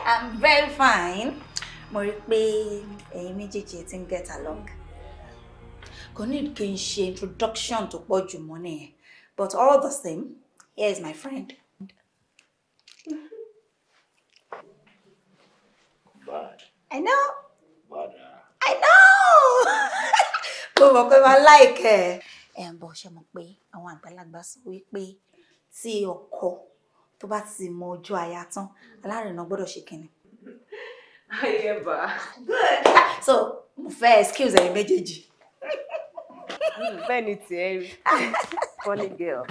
Speaker 3: I'm very fine. Mo rí pé ẹ̀yin méjèèjì ti ń get along. Kò ní kí n ṣe introduction tó pọ̀ jù mọ́ nìyẹn. But all the same, here is my friend. I know.
Speaker 1: Bàdà. I know. Mo mọ̀ pé máa láìkẹ́ ẹ̀.
Speaker 3: Ẹ̀ ń bọ̀ ṣe mọ̀ pé àwọn àgbàlagbà sọ wípé tí ọkọ tó bá ti mọ ọjọ́ aya tán alárinà gbọ́dọ̀ ṣe kìnnì. Ayẹ̀bà. Good. So mo fẹ́ excuse ẹ̀yin méjèèjì. Bẹ́ẹ̀ hmm, ni tiẹ̀ rí. Funny girl.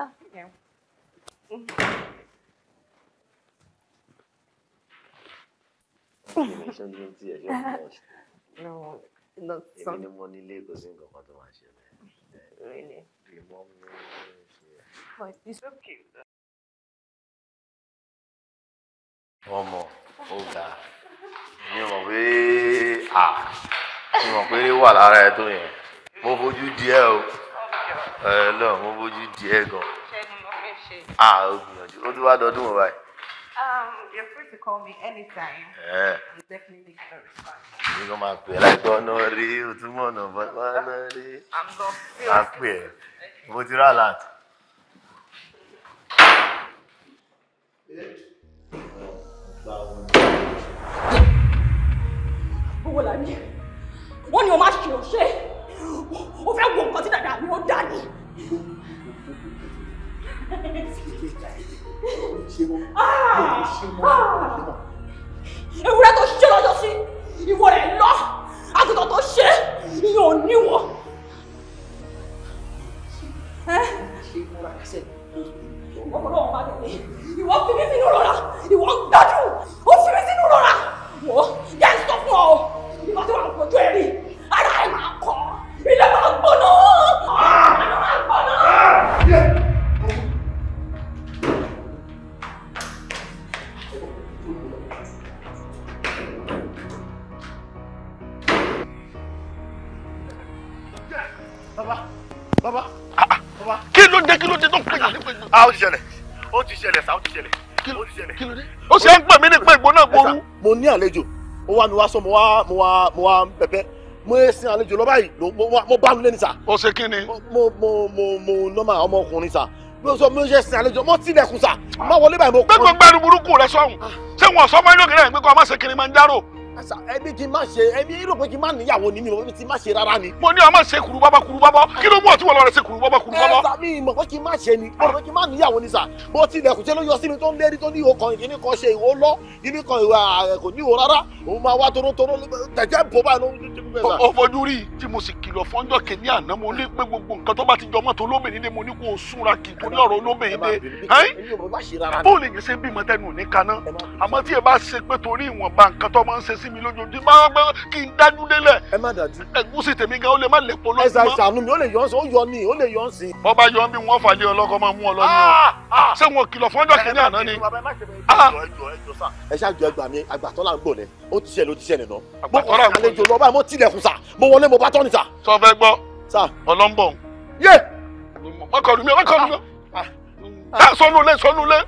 Speaker 3: Oh, yeah. Hmm. ṣẹ́ni ló ti
Speaker 2: ẹ̀ṣẹ́ ọ̀gbọ́n èmi ni mo nílé kò sí nǹkan kan tó máa ṣe bẹ́ẹ̀.
Speaker 3: But it's okay.
Speaker 2: ọmọ ọgá mi mọ̀ pé à mi mọ̀ pé wà lára ẹ tó yẹn mo fojú díẹ̀ o ẹ lọ mo fojú díẹ̀ gan. ṣé ni mo fẹ́ ṣe. a ò gbìyànjú ó ti wá dọdún o báyìí
Speaker 3: you're free to call me anytime. Yeah. I'm definitely gonna respond.
Speaker 2: You're gonna máa pè láì tọ́ náà no òtúmọ̀ náà bọ́ náà náà rí.
Speaker 3: I'm gonna feel. Máa
Speaker 2: pè ẹ́. Mo ti rà your
Speaker 3: Owó la ní. Wọ́n ní o máa ṣe òṣè. O fẹ́ ewúrẹ́ tó ṣe lọ́jọ́ sí ìwọ rẹ̀ lọ àgùntàn tó ṣe ìyẹn ò níwọ̀n. ọmọ náà wọ́n bá tẹ̀lé ìwọ fi mí sínú rọra ìwọ gbádùn ó fi mí sínú rọra wọ́n yẹn sọ fún ọ ìwọ tó wà lójú ẹ̀rí ara ẹ̀ máa kọ́ ilé máa gbóná.
Speaker 2: àlejò ó wá mi wá sọ mo wá mo wá mo wá pẹpẹ mo yẹ sin àlejò lọ báyìí mo bá nu lé ní sà. o ṣe kí ni. mo mo mo mo nọ́mà ọmọkùnrin sà mo sọ mo yẹ sin àlejò mo ti lẹ̀kùn sà má wọlé báyìí mo. gbẹgbẹgbẹ ẹnu burúkú rẹ sọhùn ṣé wọn sọ ọmọ inú kìnìún ẹ gbẹgbẹ ọmọ ṣe kiri máa ń dárò àṣà ẹbí kí n má ṣe ẹbí yìí pé kí n má níyàwó ni mi ò ti má ṣe rárá ni. mo ní a má ṣe kuru bábá kuru bábá kí ló mú ọtí wọn lọ rẹ ṣe kuru bábá kuru bábá. ẹ sà mi pé kí n má ṣe ni mo rò pé kí n má níyàwó ni sà bó tilẹ̀ kùtẹ́ ló yọ sí mi tó ń lérí tó ní ìwò kan ìdí nìkan ṣe ìwò lọ ìdí kan kò ní ìwò rárá òun máa wá torótoró tẹ̀jẹ̀ bó bá
Speaker 1: ó fojú
Speaker 2: tí mo sì kìlọ̀ fọ́njọ́ kìíní àná mo ní pé gbogbo nǹkan tó bá ti jọmọ́ tó lóbìnrin dé mo ní kó o súnra kì í torí ọ̀rọ̀ olóbìnrin dé bóòlù yẹn ṣe bímọ tẹnu ní kaná àmọ́ tí ẹ bá ṣe pé torí ìwọ̀nba nǹkan tó máa ń ṣe sí sí mi lójoojúmọ́ máa ń gbẹ́ kí n dájú délẹ̀. ẹ má dájú. ẹ̀gúsí tèmi gan ó lè má lè pọ̀ lọ́sùn mọ́. ẹ̀sà ìṣàánú mi ó lè yọ ọ́ yọ ni ó lè yọ ọ́ sí. bọ́bá yọ bí wọ́n fàlẹ́ ọlọ́kọ máa mú ọlọ́ni o ah, ah. ṣé wọn kìlọ̀ fún ọjọ́ kìíní àná ni. ẹ ṣáàjọ ẹgbàá mi àgbàtọ́ là ń gbò ní ó ti ṣẹlẹ̀ ó ti ṣẹlẹ̀ náà. àgbàtọ́ là ń gbò ní. àlejò lọ báyìí mo tilẹ̀kùn sà mo wọlé mo bá tọ́ ni sà. sọ fẹ́ gbọ́ ọlọ́mbọ̀n. yé mọ́kànlú mi mọ́kànlú mi ah, sọnù lé sọnù lé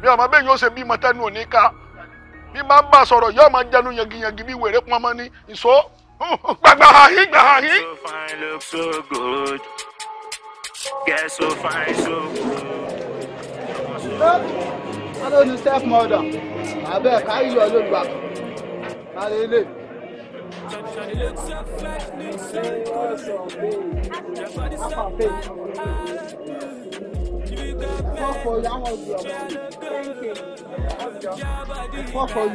Speaker 2: bí ọmọ bẹ́ẹ̀ yóò ṣe bí mọ́tẹ́nu òní ká bí bá ń bá sọ̀rọ̀ yóò máa jẹnu yangiyangi bí wèrè pọn mọ́ ní ìṣó gbàgbà hàhí gbà hàhí.
Speaker 1: Get so fine, so good
Speaker 2: alóni step mother abẹ káyọ olùgbà
Speaker 1: kálí ilé. Thank
Speaker 2: you. I
Speaker 3: want Thank you.
Speaker 2: Four for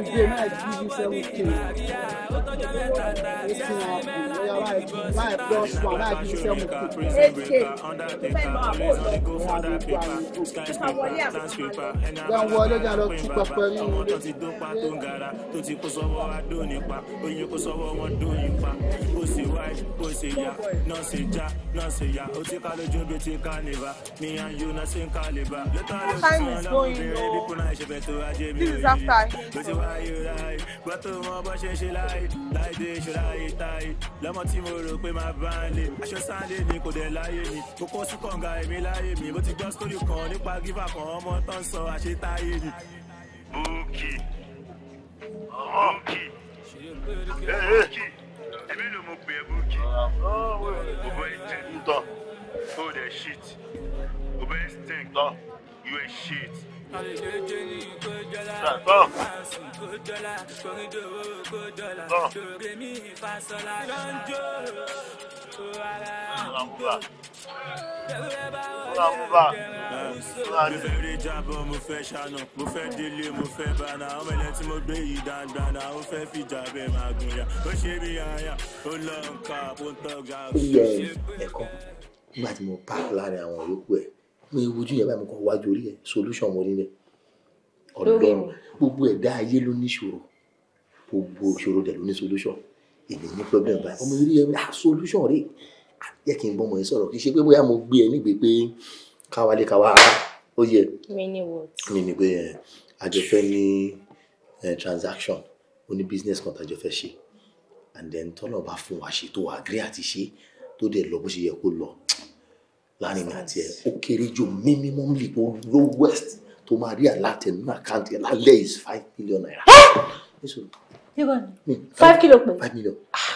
Speaker 1: What time is going on? This is
Speaker 3: after
Speaker 2: I lọ́mọ tí mo rò pé máa bá ń lè aṣọ sáńdé mi kò dẹ̀ láyé mi kókó sí kànga èmi láyé mi mo ti gbọ́ sítórì kan nípa gífà kan ọmọ tó ń sọ àṣetáyé ni. bókì bókì bókì èmi ló mo pè é bókì ó bọ ìtẹ́ ń tàn ó dẹ̀ ṣíìtì best thing gan you a shit. àlejò
Speaker 1: ní kó dọ́là àsùn
Speaker 2: kó dọ́là kòrídòwò
Speaker 1: kó dọ́là ṣòro mi ìfàsọ́lá lọ́njọ́
Speaker 2: ara àdúgbò. Búra búra. Mo fẹ́ jábọ̀, mo fẹ́ ṣànà, mo fẹ́ délé, mo fẹ́ bànà. Ọmọ ilẹ̀ tí mo gbé yìí dandanà, ó fẹ́ fìjà bẹ́ẹ̀ máa gùn yà. Ó ṣe bí aya, ó lọ nǹkan àpótọ́ ga. Ó yẹ ẹ̀kọ́ nígbà tí mo bá láàrin àwọn yòókù ẹ̀ mi wojú yẹn báyìí mo kàn wájú orí ẹ̀ solution mo nílẹ̀ ọ̀dọ́run gbogbo ẹ̀dá ayé ló ní ìṣòro gbogbo ìṣòro dẹ̀ ló ní solution èmi ní problem báyìí ọmọ orí ẹ̀ ah solution rẹ̀ ah, yẹ kí n bọ́ ọmọ yẹn sọ̀rọ̀ kì í ṣe pé bóyá mo gbé ẹ nígbè pé káwálé káwá ah, ó yẹ mi ni pé àjọfẹ́ eh, ní eh, transaction ó ní business kan tàjọfẹ́ ṣe and then tọ́lọ̀ bá fún wa ṣe tó agree àti ṣe tó dẹ̀ lọ bó ṣe yẹ kó lọ láàrin mi àti ẹ ó kéré jù minimum libo lowest tó máa rí àlátẹnú àkáǹtì ẹ lálẹ́ is five million naira. Hmm. five kilo pẹ̀. five million. Ah,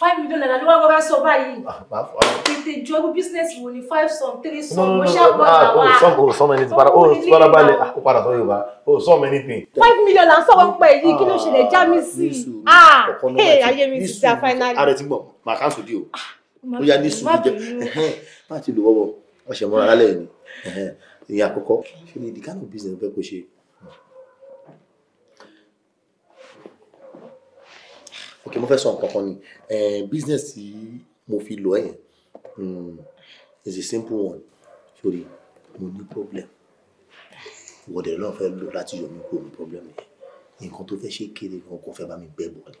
Speaker 3: five million naira ló wá wọ́n bá sọ báyìí. Ah, tètè jọ irú bísínẹ́sì wo ni five some three some mo ṣáà gbọ́ àwa. o sọ
Speaker 2: o sọ many. para o para balẹ̀ o ah, para sọ yorùbá o sọ mẹni pin.
Speaker 3: five million la ń sọ̀rọ̀ pẹ̀ yìí kí ló ṣẹlẹ̀ já mi sí i. ah ayé mi ti da finally. ara ti
Speaker 2: gbọ̀ màkà sùn dí o
Speaker 3: ó yá ní sùúrù jẹ
Speaker 2: má ti lò wọ́wọ́ wọ́n ṣe mọ́ra lálẹ́ ni ìyẹn àkọ́kọ́ ṣe ni the kind business fẹ́ kó ṣe. ok mo fẹ́ sọ nǹkan kan ni business tí mo fi lọ ẹ̀yẹn hmm, is a simple one sorry mo ní problem ìwọ̀dẹ̀ náà fẹ́ lò láti yọ mí kúrò ní problem yẹn nǹkan tó fẹ́ ṣe kéré gan kó fẹ́ bá mi bẹ́ bọ̀ ni.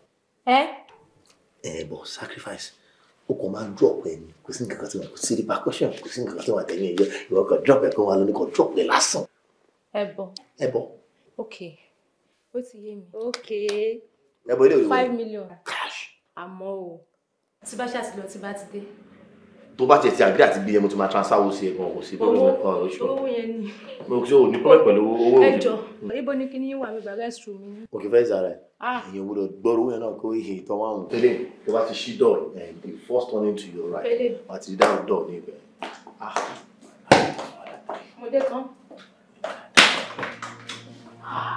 Speaker 2: ẹ bọ̀ sacrifice o kàn máa drop ẹ ni kò sí nǹkan kan tí wọn kò sí repercussion kò sí nǹkan kan tí wọn àtẹ̀yìn ẹ̀yọ ìwọ kan drop ẹ kan wà lónìí kan drop ẹ lásán.
Speaker 3: ẹbọ ẹbọ. ok ó ti yé mi. ok ẹbọ ilé ìwé five million cash. àmọ́ o tí bá ṣàtìlọ tí bá ti dé.
Speaker 2: tó bá tiẹ̀ ti àgbẹ̀ àti gbìyànjú tó máa transfer owó sí ẹ̀gbọ́n kò sí problem ẹ̀kọ́ ọ̀rọ̀ ìṣòro. owó yẹn ni. mo ní problem pẹ̀lú owó. ẹ jọ
Speaker 3: hmm. ibo ni kí ni wà mí gba restroom mi.
Speaker 2: òkè fẹ́ zara ẹ̀. Ah. èyàn gbọ́dọ̀ gbọ́rọ̀ owó náà kó ìhè tán wà hùn. tẹ́lẹ̀ tó bá ti ṣí dọ̀ ẹ̀ eh, the first one into your right wà ti dáhùn dọ̀ ní
Speaker 3: mo dé tán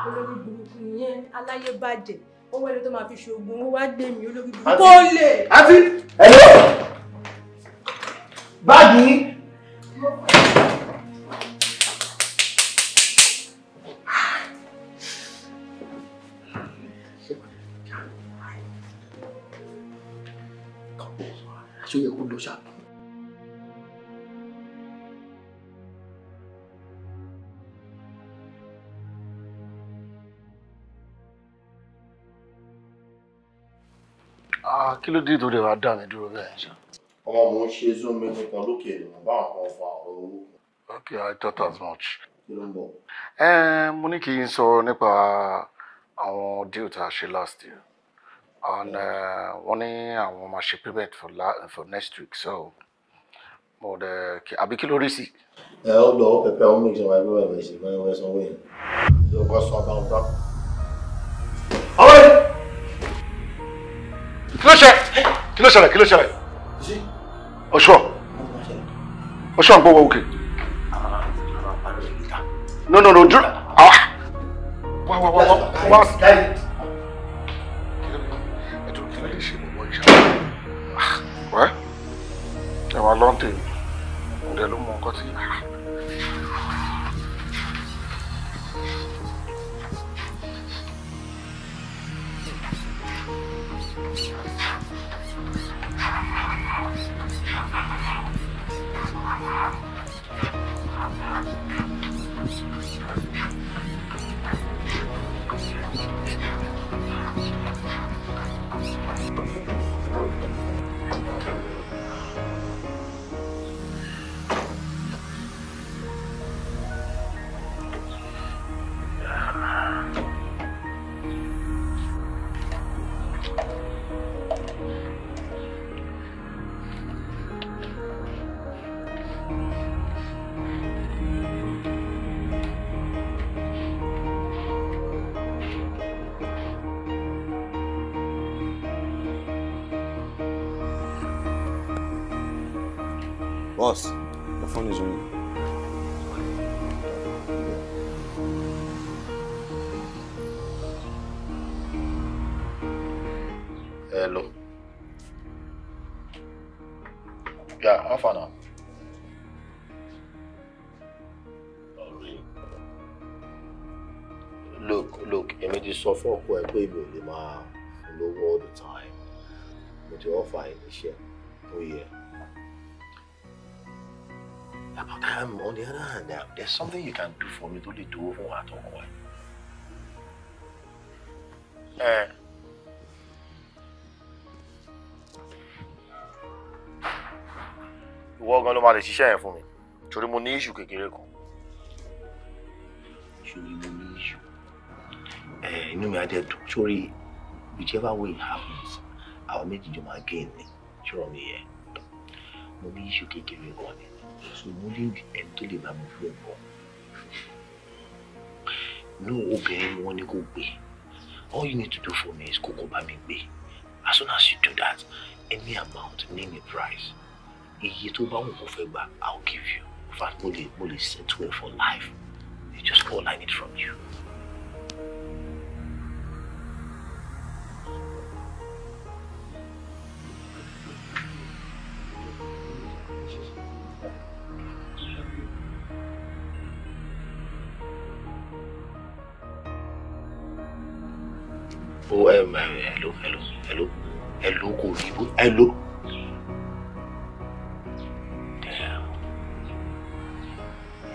Speaker 3: olórí burúkú yẹn aláyé bàjẹ́ owó ẹni tó máa fi ṣoògùn owó wá gbé mi olórí burúkú.
Speaker 2: kó lè. àti ẹ̀yọ́ báàgì yín. kí ló dé tó dẹ̀ wá dà mí dúró bẹ́ẹ̀ ṣá. ọmọ mò ń ṣe zoom meeting kan lókè èèyàn bá àwọn fa ọ̀rọ̀ owó. okay i thought as much. kí ló ń bọ̀. ẹ mo ní kí n sọ nípa àwọn deal tá a ṣe last year and eh, wọ́n ní àwọn máa ṣe payment for, la, for next week so mo dẹ̀ àbí kí ló rí sí. ẹ ó lọ pẹpẹ ó mú ṣe fún ẹgbẹ́ sanwó yẹn. ṣé o kọ́ sọ ọba kí ló ṣe kí ló ṣẹlẹ̀ kí ló ṣẹlẹ̀ ọṣọ ọṣọ ń gbọwọ òkè no no no dúró ah wá wá wá wá ah. ẹdùn kí ló lè ṣe mọ ìṣá wẹ ẹwà lọ́ńtẹ̀ ọ̀dẹ ló
Speaker 3: Thank you.
Speaker 2: mo ti ọ́fà ẹ̀ níṣẹ́ tó yẹ. I'm um, on the other hand now, um, there's something you can do for me to lè dúró fún àtọkọ ẹ. Ẹ. Eh. Ìwọ gan ló máa lè ṣiṣẹ́ yẹn fún mi, torí mo ní iṣu kékeré kan. Sori mo ní iṣu. Ẹ eh, inú mi á dẹ̀ dùn, sori whichever way happens àwọn méjì jọ máa gain ni ṣọ́rọ̀ mi yẹ mo ní iṣu kékeré kan ni so mo ní ẹni tó lè bá mi fún ẹ̀bọ inú obìnrin ni wọ́n gbé all you need to do for me is kókó bá mi gbé as soon as you do that any amount name a price iye tó bá wù kó fẹ́ gbà i will give you in fact mo lè mo lè settle it for life it's just all i need from you. o hello hello hello hello kò rí hello.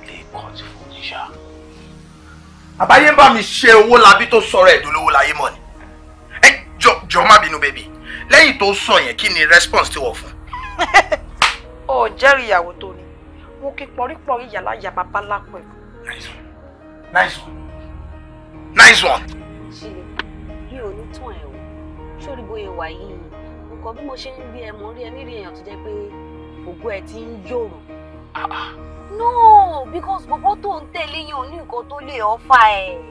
Speaker 2: ilé ikọ̀ ti fún mi ṣá. àbáyé ń bá mi ṣe owó labí tó sọ̀rọ̀ ẹ̀dọ́lówó láyé mọ́ ni ẹ jọ jọ má bínú bèbí lẹ́yìn tó sọ yẹn kí ni response ti wọ̀ fún.
Speaker 3: ọ̀ jẹ́rìí ìyàwó tó ní mo kí pọ̀rípọ̀rí yàrá yà bàbá lápẹ̀. nice one
Speaker 2: nice one
Speaker 3: nice one tán ẹ o sórí bóyá yìí nǹkan bí mo ṣe ń rí ẹ mo rí ẹ nílé èèyàn tó jẹ́ pé ògo ẹ ti ń yòrò. no because gbogbo tó ń tẹ̀lé yẹn ò ní nǹkan tó lè ọ́fà ẹ̀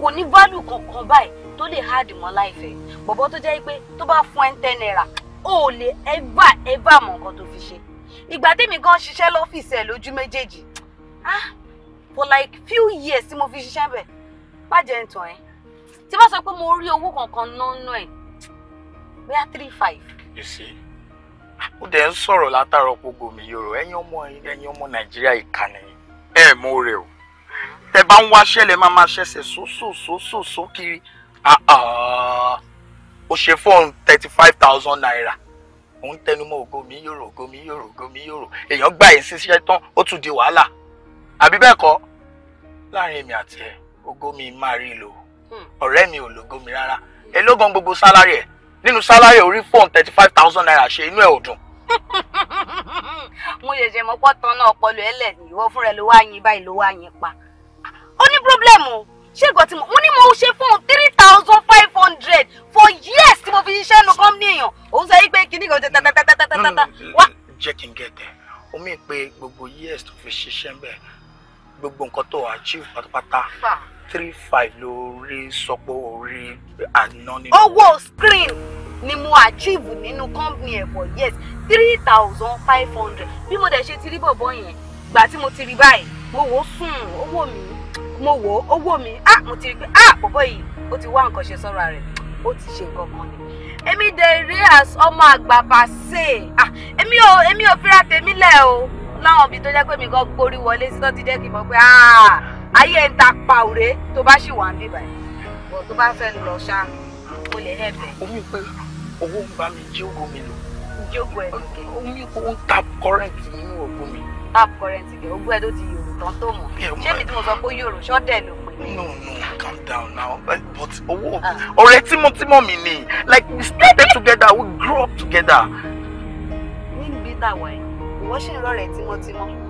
Speaker 3: kò ní value kankan báyìí tó lè hard mọ́ láìfẹ́ bọ̀bọ̀ tó jẹ́ pé tó bá fún ẹ ń ten naira o ò lè ever ever mọ nǹkan tó fi ṣe ìgbà tèmi gan ṣiṣẹ́ lọ́fíìsì ẹ̀ lójú méjèèjì ah for like few years tí mo fi ṣiṣẹ́ bẹ̀ má jẹ́ ń tàn ẹ́ tí bá sọ pé mo rí owó kankan nánú ẹ̀ bóyá three five. you see
Speaker 2: ó dẹ̀ ń sọ̀rọ̀ látàrọ̀ gbogbo mi yòrò ẹ̀yin ọmọ ẹ̀yin ọmọ nàìjíríà ìkànnì ẹ̀ mú rẹ̀ o tẹ bá ń wáṣẹ́ lẹ máa máa ṣẹ̀ṣẹ̀ sósòsósòsó kiri ó ṣe fóònù thirty five thousand naira òun tẹnumọ́ ògo mi yòrò ògo mi yòrò ògo mi yòrò èèyàn gbà yín síṣẹ́ tán ó tún di wàhálà àbí bẹ́ẹ̀ kọ́ láàrin èmi àti ẹ ògo mi máa rí lò ó ọ̀rẹ́ mi ò lógo mi rárá ẹ lógan gbogbo sálárì ẹ̀ nínú sálárì orí fóònù thirty five thousand naira ṣe inú ẹ̀ ò dùn.
Speaker 3: mo ṣẹ̀ṣẹ̀ mọ pọ́tàn náà ọpọlọ ẹlẹ̀ ìwọ fúnra ẹ ló wá yin báyìí ló wá yin pa. ó ní pírọ́blẹ́mù ṣé ìgbà tí mo ní mo ṣe fóònù three thousand five hundred for years tí mo fi ṣiṣẹ́ nu kọ́mí èèyàn òun sọ pé kinní kan jẹ tatatatata.
Speaker 2: jẹ́ kí n gẹ̀tẹ̀ omi pé gbogbo years tó fi ṣiṣẹ́ bẹ́ẹ̀ gbogbo nǹkan tó achieve pátápátá three five lórí sọpọ̀ orí àná nínú. owó screen
Speaker 3: ni mo achieve nínú company ẹ̀ for years three thousand five hundred bí mo dẹ̀ ṣe ti rí bọ̀bọ̀ yẹn gbà tí mo ti rí báyìí mo wò ó sùn owó mi mo wò ó owó mi ah mo ti rí pé ah bọ̀bọ̀ yìí ó ti wá nǹkan ṣe sọ́ra rẹ̀ ó ti ṣe nǹkan kan ni èmi dẹ̀ rí as ọmọ àgbà pàṣẹ ah èmi ò èmi ò fira tèmi lẹ̀ o láwọn ibi tó jẹ́ pé mi gan gborí wọlé sí tó ti jẹ́ kí n mọ̀ pé ah ayé ẹ̀ ń ta pa òré tó bá ṣì wà níbà yìí bọ̀ tó bá fẹ́ lọ ṣá o lè hẹ́ bẹ̀. omi pé owó ń bá mi jí ògo mi lò. jí ògo ẹ̀ lókè. omi kò ń tap current nínú ògo mi. tap current kẹ ògo ẹ ló ti yòrò tán tó mọ̀ ṣé mi tí mo sọ pé yòrò ṣọ́dẹ̀ ló pè
Speaker 2: mí. no no calm down now eh, but owó ọ̀rẹ́ tímọ́tímọ́ mi ni like we started together we grew up together.
Speaker 3: níbi táwa ẹ̀ ìwọ ṣì ń rọ̀rẹ́ tímọ́tímọ́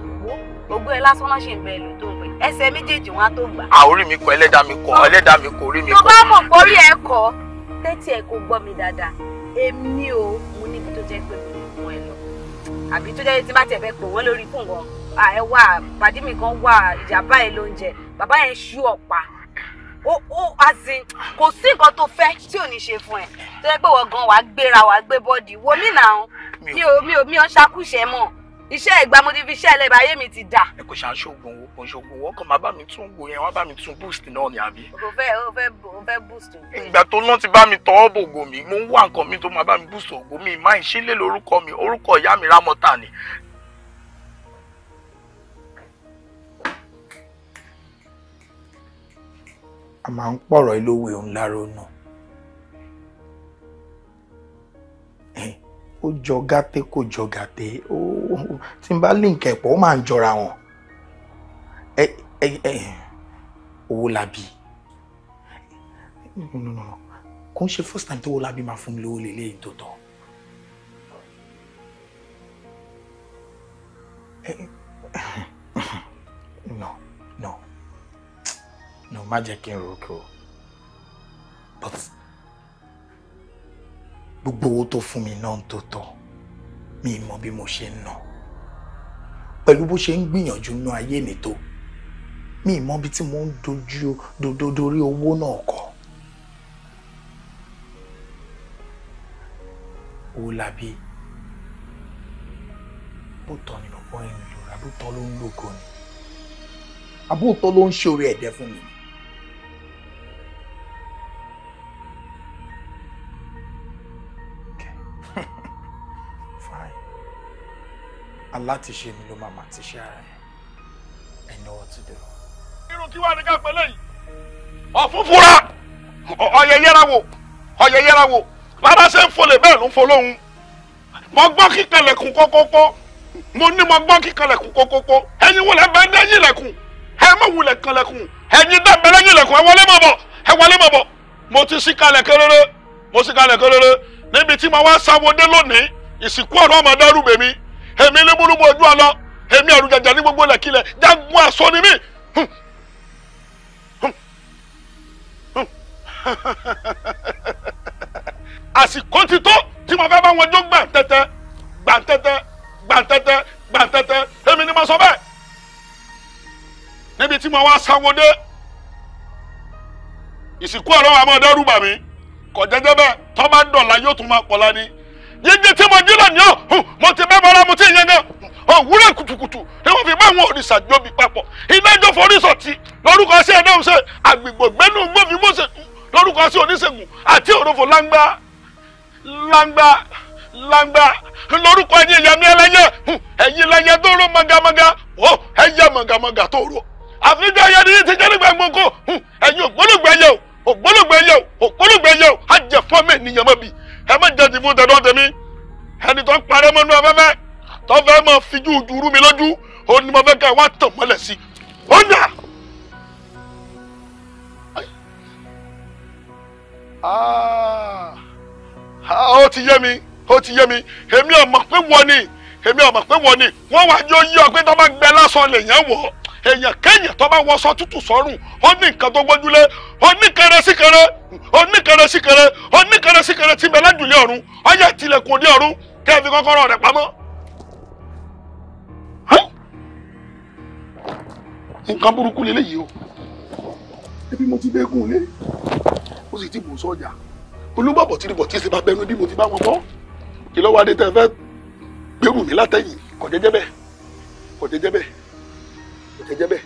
Speaker 3: gbogbo ẹ lásán náà ṣì ń bẹ tó ń pè ẹsẹ̀ méjèèjì wọn á tó gbà. àórí mi kọ ẹlẹ́dàá
Speaker 2: mi kọ ẹlẹ́dàá mi kọ orí mi kọ. tó bá mọ̀ kórí ẹ
Speaker 3: kọ tẹ́tí ẹ kò gbọ́ mi dáadáa èmi o mo níbi tó jẹ́ pé mo mú lọ àbí tó jẹ́ tí bá tẹ̀ fẹ́ pè wọ́n lórí fún wọn ẹ wà pàdé mi kan wà ìjàmbá ẹ lóúnjẹ bàbá yẹn ṣú ọ̀pá kò sí nǹkan tó fẹ́ tí ò ní ṣe fún ẹ tó yẹ pé wọ́n gan wàá gbéra wàá gbé bọ́ọ̀dì wo mí nà án mi ò mi ò mi ò ṣakúṣe mọ́ iṣẹ́ ìgbà mo ti fi iṣẹ́ ẹlẹ́bàá ayé mi ti dà.
Speaker 2: ẹ kò ṣàṣogun owó kò ṣogun owó ọkàn máa bá mi tún gbò yẹn wá bá mi tún boost náà ni àbí.
Speaker 3: o fẹ́ o fẹ́ o fẹ́ boost ògo. ìgbà
Speaker 2: tó lọ́n ti bá mi tọ́ bògo mi mo ń wá nǹkan mi tó máa bá mi boost ògo mi máa ń ṣílẹ̀ lórúkọ mi orúkọ ìyá mi rámọ́tà ni a máa ń pọ̀rọ̀ ilówó òun láró náà ó jọ gàtẹ́ kò jọ gàtẹ́ ó tí n bá link ẹ̀pọ̀ ó máa ń jọra wọn ẹ ẹ ẹ owó labi no no no kò ń ṣe first time tó owó labi máa fún mi lówó lélẹ́yìn tó no no no má jẹ́ kí n rò o but gbogbo owó tó fún mi náà tó tọ́ mi mọ bí mo ṣe ń ná pẹ̀lú bó ṣe ń gbìyànjú ná ayé mi tó mi mọ bí tí mo ń dojú dodorí owó náà kọ. owó làbí bóòtọ́ ni bàbá yẹn ń lò àbóòtọ́ ló ń lògo ni àbóòtọ́ ló ń ṣe orí ẹ̀dẹ́ fún mi. alátiṣe mi ló máa ti ṣe ara yẹn I know what to do. irun kí wàá ní ká pẹ́lẹ́ yìí ọ̀fúnfúnra ọ̀yẹ̀ yẹra wò ọ̀yẹ̀ yẹra wò rárá ṣe ń folè bẹ́ẹ̀ ló ń folóhun mo gbọ́ kíkanlẹ̀kùn kókókó mo ní mo gbọ́ kíkanlẹ̀kùn kókókó ẹ̀yin wò lẹ́ bẹ́ẹ̀ lẹ́yìn lẹ̀kùn ẹ mọ̀ wulẹ̀ kanlẹ̀kùn ẹ̀yin dẹ́ bẹ́ẹ̀ lẹ́yìn lẹ̀kùn ẹ wọlé mọ̀ bọ̀ ẹ wọlé mọ̀ bọ̀ mo ti sí kalẹ̀ kéréré mo sì kalẹ̀ kéréré níbi tí mo wá sáwọdé lónìí ìsìnkú ọ̀rọ̀ ọmọdé rúbẹ̀ èmi nímúlùmọ̀ ojú àlọ́ èmi ọ̀rùn jàjà ní gbogbo ilẹ̀kílẹ̀ jágun aṣọ ni mí. àsìkò ti tó tí mo fẹ́ bá wọn jó gbàǹtẹ̀tẹ̀ gbàǹtẹ̀tẹ̀ gbàǹtẹ̀tẹ̀ gbàǹtẹ̀tẹ̀ èmi ni mo sọ bẹ́ẹ̀ níbi tí mo wá sanwó dé ìsìnkú ọ̀rọ̀ àmọ́ ọ̀dọ́ rúbà mi kò jẹ́jẹ́ bẹ́ẹ̀ tọ́ bá dọ̀la yóò tún máa pọ̀ la ni yege tí mo dín lónìí ọ oh, oh, mo ti bẹ́ bọ́lá mo ti yẹn náà òwúrọ̀ oh, kùtùkùtù ni wọ́n fi bá àwọn òrìṣà jọbi papọ̀ iná ìjọ forí sọ̀tì lórúkọ sí ẹ̀dá ọ̀sẹ̀ àgbègbè gbẹ́nu gbòmí mọ́sẹ̀ lórúkọ sí oníṣègùn àti òròfò langba langba langba lórúkọ ẹ̀yin ìyàmí ẹlẹ́yẹ hmm, ẹ̀yin ẹlẹ́yẹ tó rọ mọ̀gàmọ̀gà ọ ẹ̀yẹ mọ̀gàmọ̀gà tó rọ àfijọ́ ẹ̀yẹ ni ti jẹ́ nígbà gbọ̀ngàn hmm, ẹ̀yin ògbólógbẹ̀yẹ ògbólógbẹ̀yẹ ògbólógbẹ̀yẹ àjẹfọ́mẹ̀ nìyẹn mọ́bi ẹ má jẹ́ ti fún tẹ̀dọ́ tèmi ẹni tó ń parẹ́ mọ́nú afẹ́fẹ́ tó fẹ́ mọ́ fijú jùrú mi lójú ó mo fẹ́ ká wá tàn mọ́lẹ̀ sí i ó yà. Ah! Ah, ó ti yé mi ó ti yé mi èmi ò mọ̀ pé wọ́n ni èmi ò mọ̀ pé wọ́n ni wọ́n wá jọ yí ọ pé tó bá gbẹ lásán lèèyàn wọ̀ ọ́ èèyàn kéèyàn tó bá wọṣọ tútù sọ́rùn ó ní nǹkan tó gbójúlé ó ní kẹrẹ sí kẹrẹ ó ní kẹrẹ sí kẹrẹ ó ní kẹrẹ sí kẹrẹ tí bẹlẹ dùn ní ọ̀run ó yẹ tilẹ̀kùn òde ọ̀run kẹ́ ẹ fi kọ́kọ́rọ́ rẹ̀ pamọ́. nǹkan burúkú lélẹ́yìí o ebi mo ti dẹ́kun lé ó sì ti bù sọ́jà olúbọ̀bọ̀ tí bọ̀ tí ṣe bá bẹnu bí mo ti bá wọn bọ́ kí lọ́wọ́ adé tẹ́ fẹ́ gbérù mi látẹ̀yìn kò jẹ́jẹ́ bẹ́ẹ̀ kò jẹ́jẹ́ bẹ́ẹ̀. kò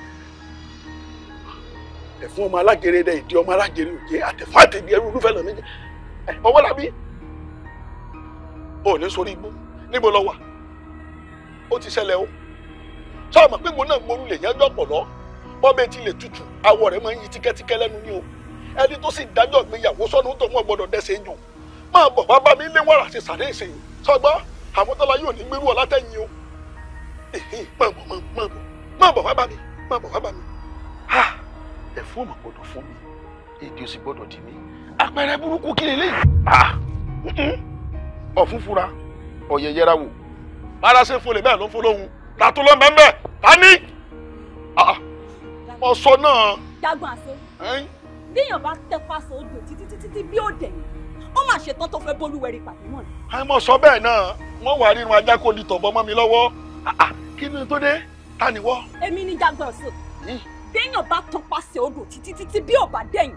Speaker 2: ọmọ alágere dẹ ìdí ọmọ àtẹfà àtẹbí ẹrú olúfẹ lọ ẹ̀ ẹ ò ní sórí igbó nígbó lọ wà ó ti ṣẹlẹ̀ o sọ́ọ̀mọ̀ àmọ́ pé mo náà morú lè yánjú ọpọlọ bọbẹ ti lè tutù awọ rẹ̀ máa ń yí tíkẹ́tíkẹ́ lẹ́nu ní o ẹni tó sì dájọ́ ìgbéyàwó tó gbọdọ̀ bọ̀ mi lé wàrà sàré ìsìn máa bọ̀ wá bá mi máa bọ̀ wá bá mi ha ẹ̀fún ọmọ gbọ́dọ̀ fún mi èdè òsì gbọ́dọ̀ dì mí àpẹẹrẹ burúkú kí lélẹ́yìí ọ̀fun fura ọ̀yẹ̀ yẹra wò bára ṣe fọlẹ̀ bẹ́ẹ̀ ló ń fọlọ́hún tàtó ló ń bẹ́ẹ̀ bẹ́ẹ̀ ta ni ọ̀sọ́
Speaker 3: náà. dágbọn àṣẹ bíyàn bá tẹpá sódò títí títí bí ó dẹ̀ ó mà ṣe tán tó fẹ́ bólúwẹ̀rí pàdé mọ́
Speaker 2: ni. àìmọ̀ sọ bẹ́ẹ̀ náà wọ́n wà rírun ajá kó di tọ̀bọ mọ́ mi lọ́wọ́ kí ni tó dé ta ni wọ́.
Speaker 3: èmi ni jágbá ọ̀sẹ̀ téèyàn bá tán pàṣẹ odò títí títí bí ọba dẹ̀yìn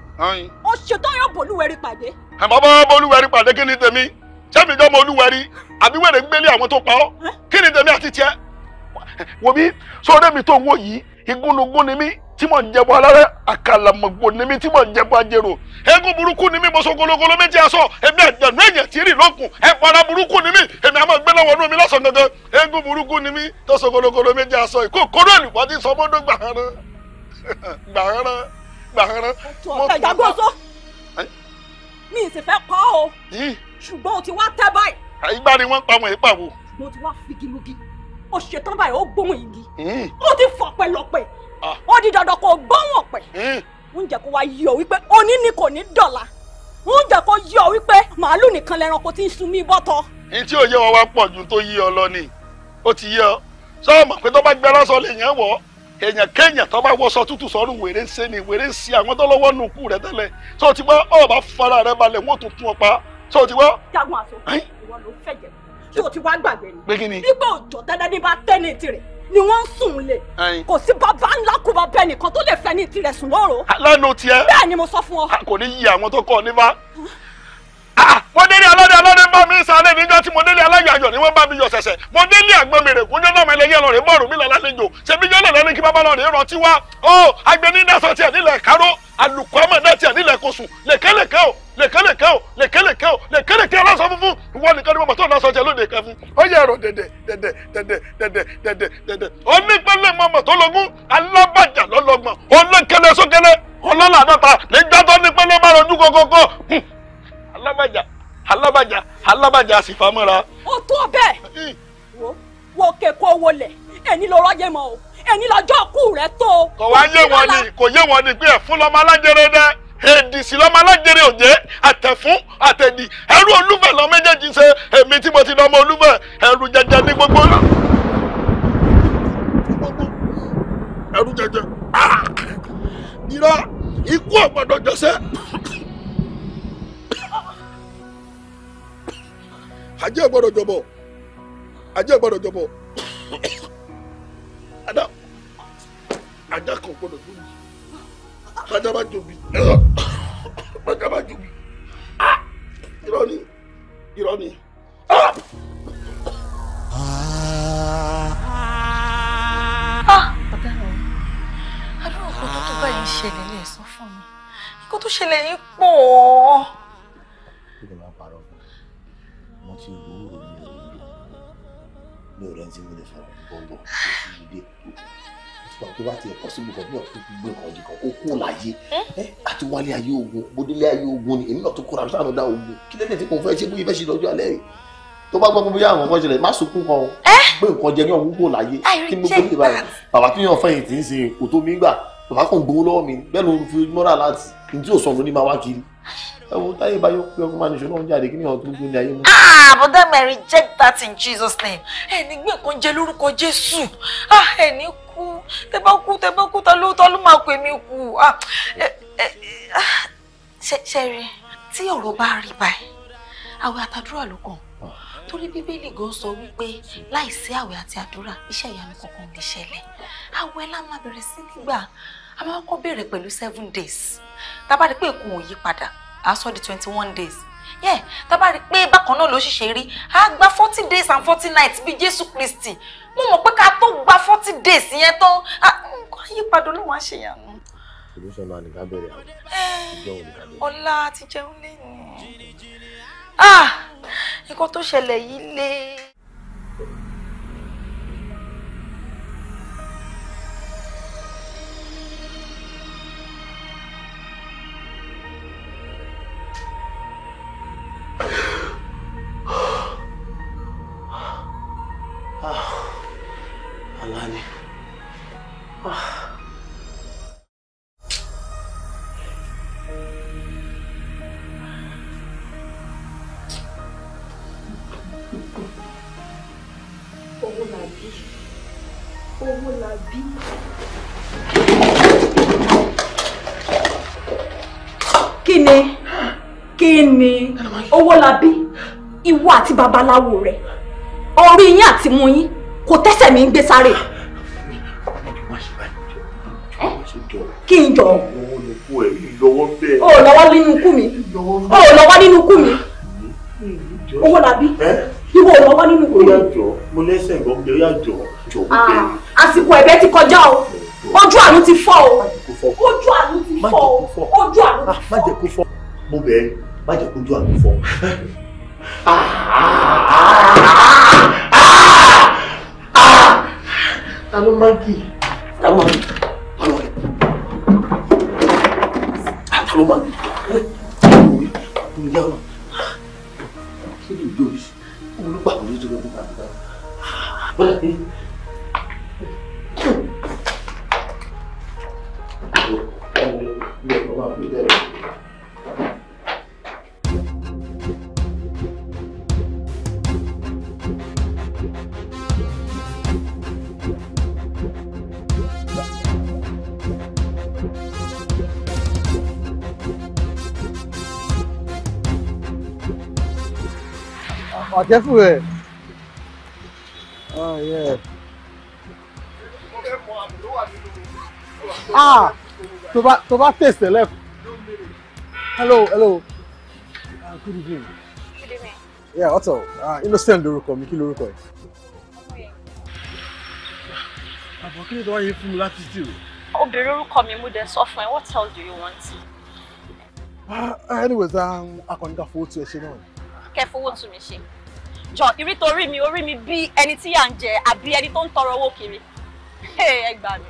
Speaker 3: ó ṣètò yóò bolúwẹ̀rí pàdé. ẹ bá bá
Speaker 2: bolúwẹ̀rí pàdé kí ni tèmi sẹ́mi jọ́mọ olúwẹ̀rí àbí wẹ̀rẹ̀ ń gbélé àwọn tó pa ọ́ kí ni tèmi àti tiẹ̀ wò mí sórí mi tó ń wò yìí igúnnugún ni mí tí mò ń jẹbọ alárẹ àkàlàmọ̀gbò ni mí tí mò ń jẹbọ ajérò eégún burúkú ni mí mo so gologolo méjì aṣọ èmi àjànú èèyàn tí rì lókun ẹ̀pọ̀ra burúkú ni mí èmi àmọ́ gbé lọ́wọ́ inú mi lọ́sàn gangan eégún burúkú ni mí tó so gologolo méjì aṣọ ìkó kóró olùkọ́ ti sọ mọ́dọ́ gbàhánrán gbàhánrán gbàhánrán. ẹ̀dàgbọ́sọ mi ì sì fẹ́ kọ́ o
Speaker 3: ṣùgbọ́n o ti wá tẹ́ báyìí. àyígbá ni wọ́n pa àwọn ìpàwọ̀. mo ti wá figilugi ó ṣetán báyìí ó gbóhùn igi ó ti fọpẹ́ lọ́pẹ́ ó di dandan kó gbọ́wọ̀n pẹ̀ hmm. oúnjẹ kó wá yọ wípé òní ni kò ní dọ̀la oúnjẹ kó yọ wípé màálù nìkan lẹranko tí ń sun mí bọ́tọ̀. ní tí òye wọn wá pọ̀ ju tó yí ọ lọ ni ó
Speaker 2: ti yé ọ sọ́ọ̀mọ̀ pé tó bá gbẹ lọ́sọ̀ lèèyàn wọ̀ èèyàn kéèyàn tó bá wọṣọ tútù sọ́rùn wèrè ń ṣe ni wèrè ń ṣe àwọn tó lọ́wọ́ nù kú rẹ tẹ́lẹ̀ tó o ti wá ọ̀bá fara rẹ balẹ̀ wọ́n tó tún ọ pa
Speaker 3: tó o ti wá. jagun àtò ìwọ ló fẹ̀jẹ̀ tó o ti wá gbàgbé ni. pé kí ni. nígbà òjò dáadáa ní bá tẹ́ni tirẹ̀ ni wọ́n ń sùn lè. kò sí bàbá ńlá kú bá bẹ́ẹ̀ nìkan tó lè fẹ́ ní tirẹ̀ sùn lóru. Ah, lánàá tiẹ̀. bẹ́ẹ̀ ni mo sọ fún ọ. Ah, kò ní
Speaker 2: yí àwọn tó kọ́ ọ nípa. Ah, mo délé aládé aládé bá mi sáré níjọ́ tí mo délé aláyọ̀ ayọ̀ ni wọ́n bá mi yọ sẹ̀sẹ̀ mo délé àgbọn mi rè kúnjọ́ náà mẹ́lẹ́yẹ lọ rè bọ́ọ̀rù mi lọ lálejò ṣebí jọ́nà lẹ́ni kí bábá lọ rè rántí wá ó oh, agbẹni náà sọ tiẹ̀ nílẹ̀ káró alùpùpù ọmọ náà tiẹ̀ nílẹ̀ kóṣù lẹ̀kẹ́lẹ̀kẹ́ o lèkélèké o lèkélèké o lèkélèké aláṣọ funfun ìwọ nìkan ni mo mọ̀ tó lásọ jẹ lónìí kan fún ó yẹ ẹ̀rọ dẹ̀dẹ̀ dẹ̀dẹ̀ dẹ̀dẹ̀ dẹ̀dẹ̀ dẹ̀dẹ̀ dẹ̀dẹ̀ onípẹ́lẹ́ mo mọ̀ tó lọ́gún alábàjá lọ́lọ́gbọ̀n olókèlè sókèlè ọlọ́làdọ́ta lẹ́jà tó nípẹ́lẹ́ máa rọjú kọ́kọ́kọ́ alábàjá alábàjá alábàjá sì famọ́ra.
Speaker 3: ó tó bẹ́ẹ̀ wo wo kẹ́kọ̀ọ́ wọlé ẹni lọ rọ́jẹ́ mọ́ o ẹni lọ́jọ́ kù rẹ̀ tó. kò wá yé wọn ni kò
Speaker 2: yé wọn ni pé ẹ̀ fún lọ́mọ alájẹrẹ dẹ́ èdìsí lọ́mọ alájẹrẹ òjẹ́ àtẹ̀fún àtẹ̀dì ẹrú olúfẹ̀ lọ méjèèjì ṣe èmi tí mo ti lọ́mọ olúfẹ̀ ẹrú jẹjẹ ní gbogbo ẹrú jẹjẹ irọ́ ikú ọ̀gbọ̀dọ̀ jọ́sẹ́ ajé ọ̀gbọ̀dọ̀ jọ̀bọ̀ ajé ọ̀gbọ̀dọ̀ jọ̀bọ̀ ajá kan gbọ́dọ̀ lónìí pàjáwá jòbí pàjáwá jòbí irọ́ ni irọ́ ni.
Speaker 3: ọ̀gá mi adúrò kó tó báyìí ṣẹlẹ̀ lè sọ fún mi kó tó ṣẹlẹ̀ yìí pọ̀ ọ́.
Speaker 2: kí ló máa ti rò ó rò ní ò rẹ́ńtì mi lè fẹ́ràn gbọ́ngbọ́n kò sí ilé wà tó bá tiẹ̀ possible kan bí wọn fi gbé nǹkan jìkan kó kó láyé ẹ àti wálé ayé ogun bodílé ayé ogun ni èmi náà tó kóra sáà ló ogun kí lẹ́tẹ̀ tí kò fẹ́ ṣe bóyá fẹ́ ṣe lọ́jọ́ alẹ́ yìí tó bá gbọ́ bóyá àwọn ọkọ ṣẹlẹ̀ má sunkún kan pé nǹkan jẹ ní ọ̀hún kó láyé kí ni gbogbo ìbára bàbá tó yàn fẹ́yìn tí ń ṣe òtó mi gbà bàbá kò ń gbowó lọ́wọ́ mi bẹ́ẹ̀ ló fi mọ́ra láti ní tí ò sọ̀rọ̀ ní máa wá kiri ẹwọ táyé bá yọ pé ọkùnrin àníṣe náà ń jáde kí ni ọtún gbé ní ayé mú. ah
Speaker 3: brother Mary reject that in Jesus name ẹni gbé nǹkan jẹ lórúkọ Jésù ah ẹni tẹ bá kú tẹ bá kú ta ló ta ló ah pè mí kú ṣẹ́rí tí ọ̀rọ̀ bá rí báyìí àwẹ̀ àtàdúrà ló kàn torí bíbélì gan sọ wípé láìsí àwẹ̀ àti àdúrà iṣẹ́ ìyanu kankan lè ṣẹlẹ̀ àwẹ̀ la máa bẹ̀rẹ̀ sí nígbà a máa kọ́ bẹ̀rẹ̀ pẹ̀lú seven days tá a bá rí pé èkó ò yí padà àá di twenty one days yẹ tá a bá rí i pé bákan náà ló ṣiṣẹ́ rí a gba forty days and forty nights bíi Jésù Kristi mo mọ̀ pé ká tó gba forty days yẹn tán nǹkan àyípadà olóhùn àṣeyànú.
Speaker 2: solution náà ní ká bẹ̀rẹ̀ àwọn ìjọba ní
Speaker 3: ká ọlá ti jẹun Ah, nǹkan tó ṣẹlẹ̀ yìí lé. kí ni owó la bí ìwọ àti babaláwo rẹ orí yín àti mú yín kò tẹ́sẹ̀ mi ń gbé sáré. kí n jọ. o lọ́wọ́ nínú ikú mi o lọ́wọ́ nínú ikú mi
Speaker 2: owó la bí ìwọ lọ́wọ́ nínú ikú mi. mo lẹ́sẹ̀ gbọ́n pé ó yà jọ jọ bẹ́ẹ̀.
Speaker 3: Ah, àsìkò ẹ̀bẹ̀ ti kọjá o ojú àánú ti fọ́ o
Speaker 2: ojú àánú ti fọ́ o ojú àánú ti fọ́ o. má jẹ́ kó fọ́ ah, mo bẹ̀ẹ́ má jẹ́ kójú àmì fọ́. ta ló máa ń kì í ta ló máa ń kì í ta ló máa ń kì í ta ló máa ń kì í kí ni ìjọ yìí olùgbà kò ní tó lọ́dún bàbá bọ́lá kì í. Thank you. Oh, careful eh. Oh, yeah. Ah! toba, toba tó bá left. Hello, hello. Uh, good evening. Good evening. Yeah, Otto. Uh, ah, Innocent lorúkọ mi, kí lorúkọ ẹ? Àbọ̀ kí ni tó wá yẹ fún mi láti tì o?
Speaker 3: Obìnrin orúkọ mi mú dẹ sọ fún ẹ, what else do you want?
Speaker 2: Uh, anyways, um, akọ̀nìkà fowó tu ẹ ṣe náà.
Speaker 3: Kẹ́ fowó tu mi jọ ìrí torí mi orí mi bí ẹni tí yà ń jẹ àbí ẹni tó ń tọrọ owó kiri ẹ gbà mí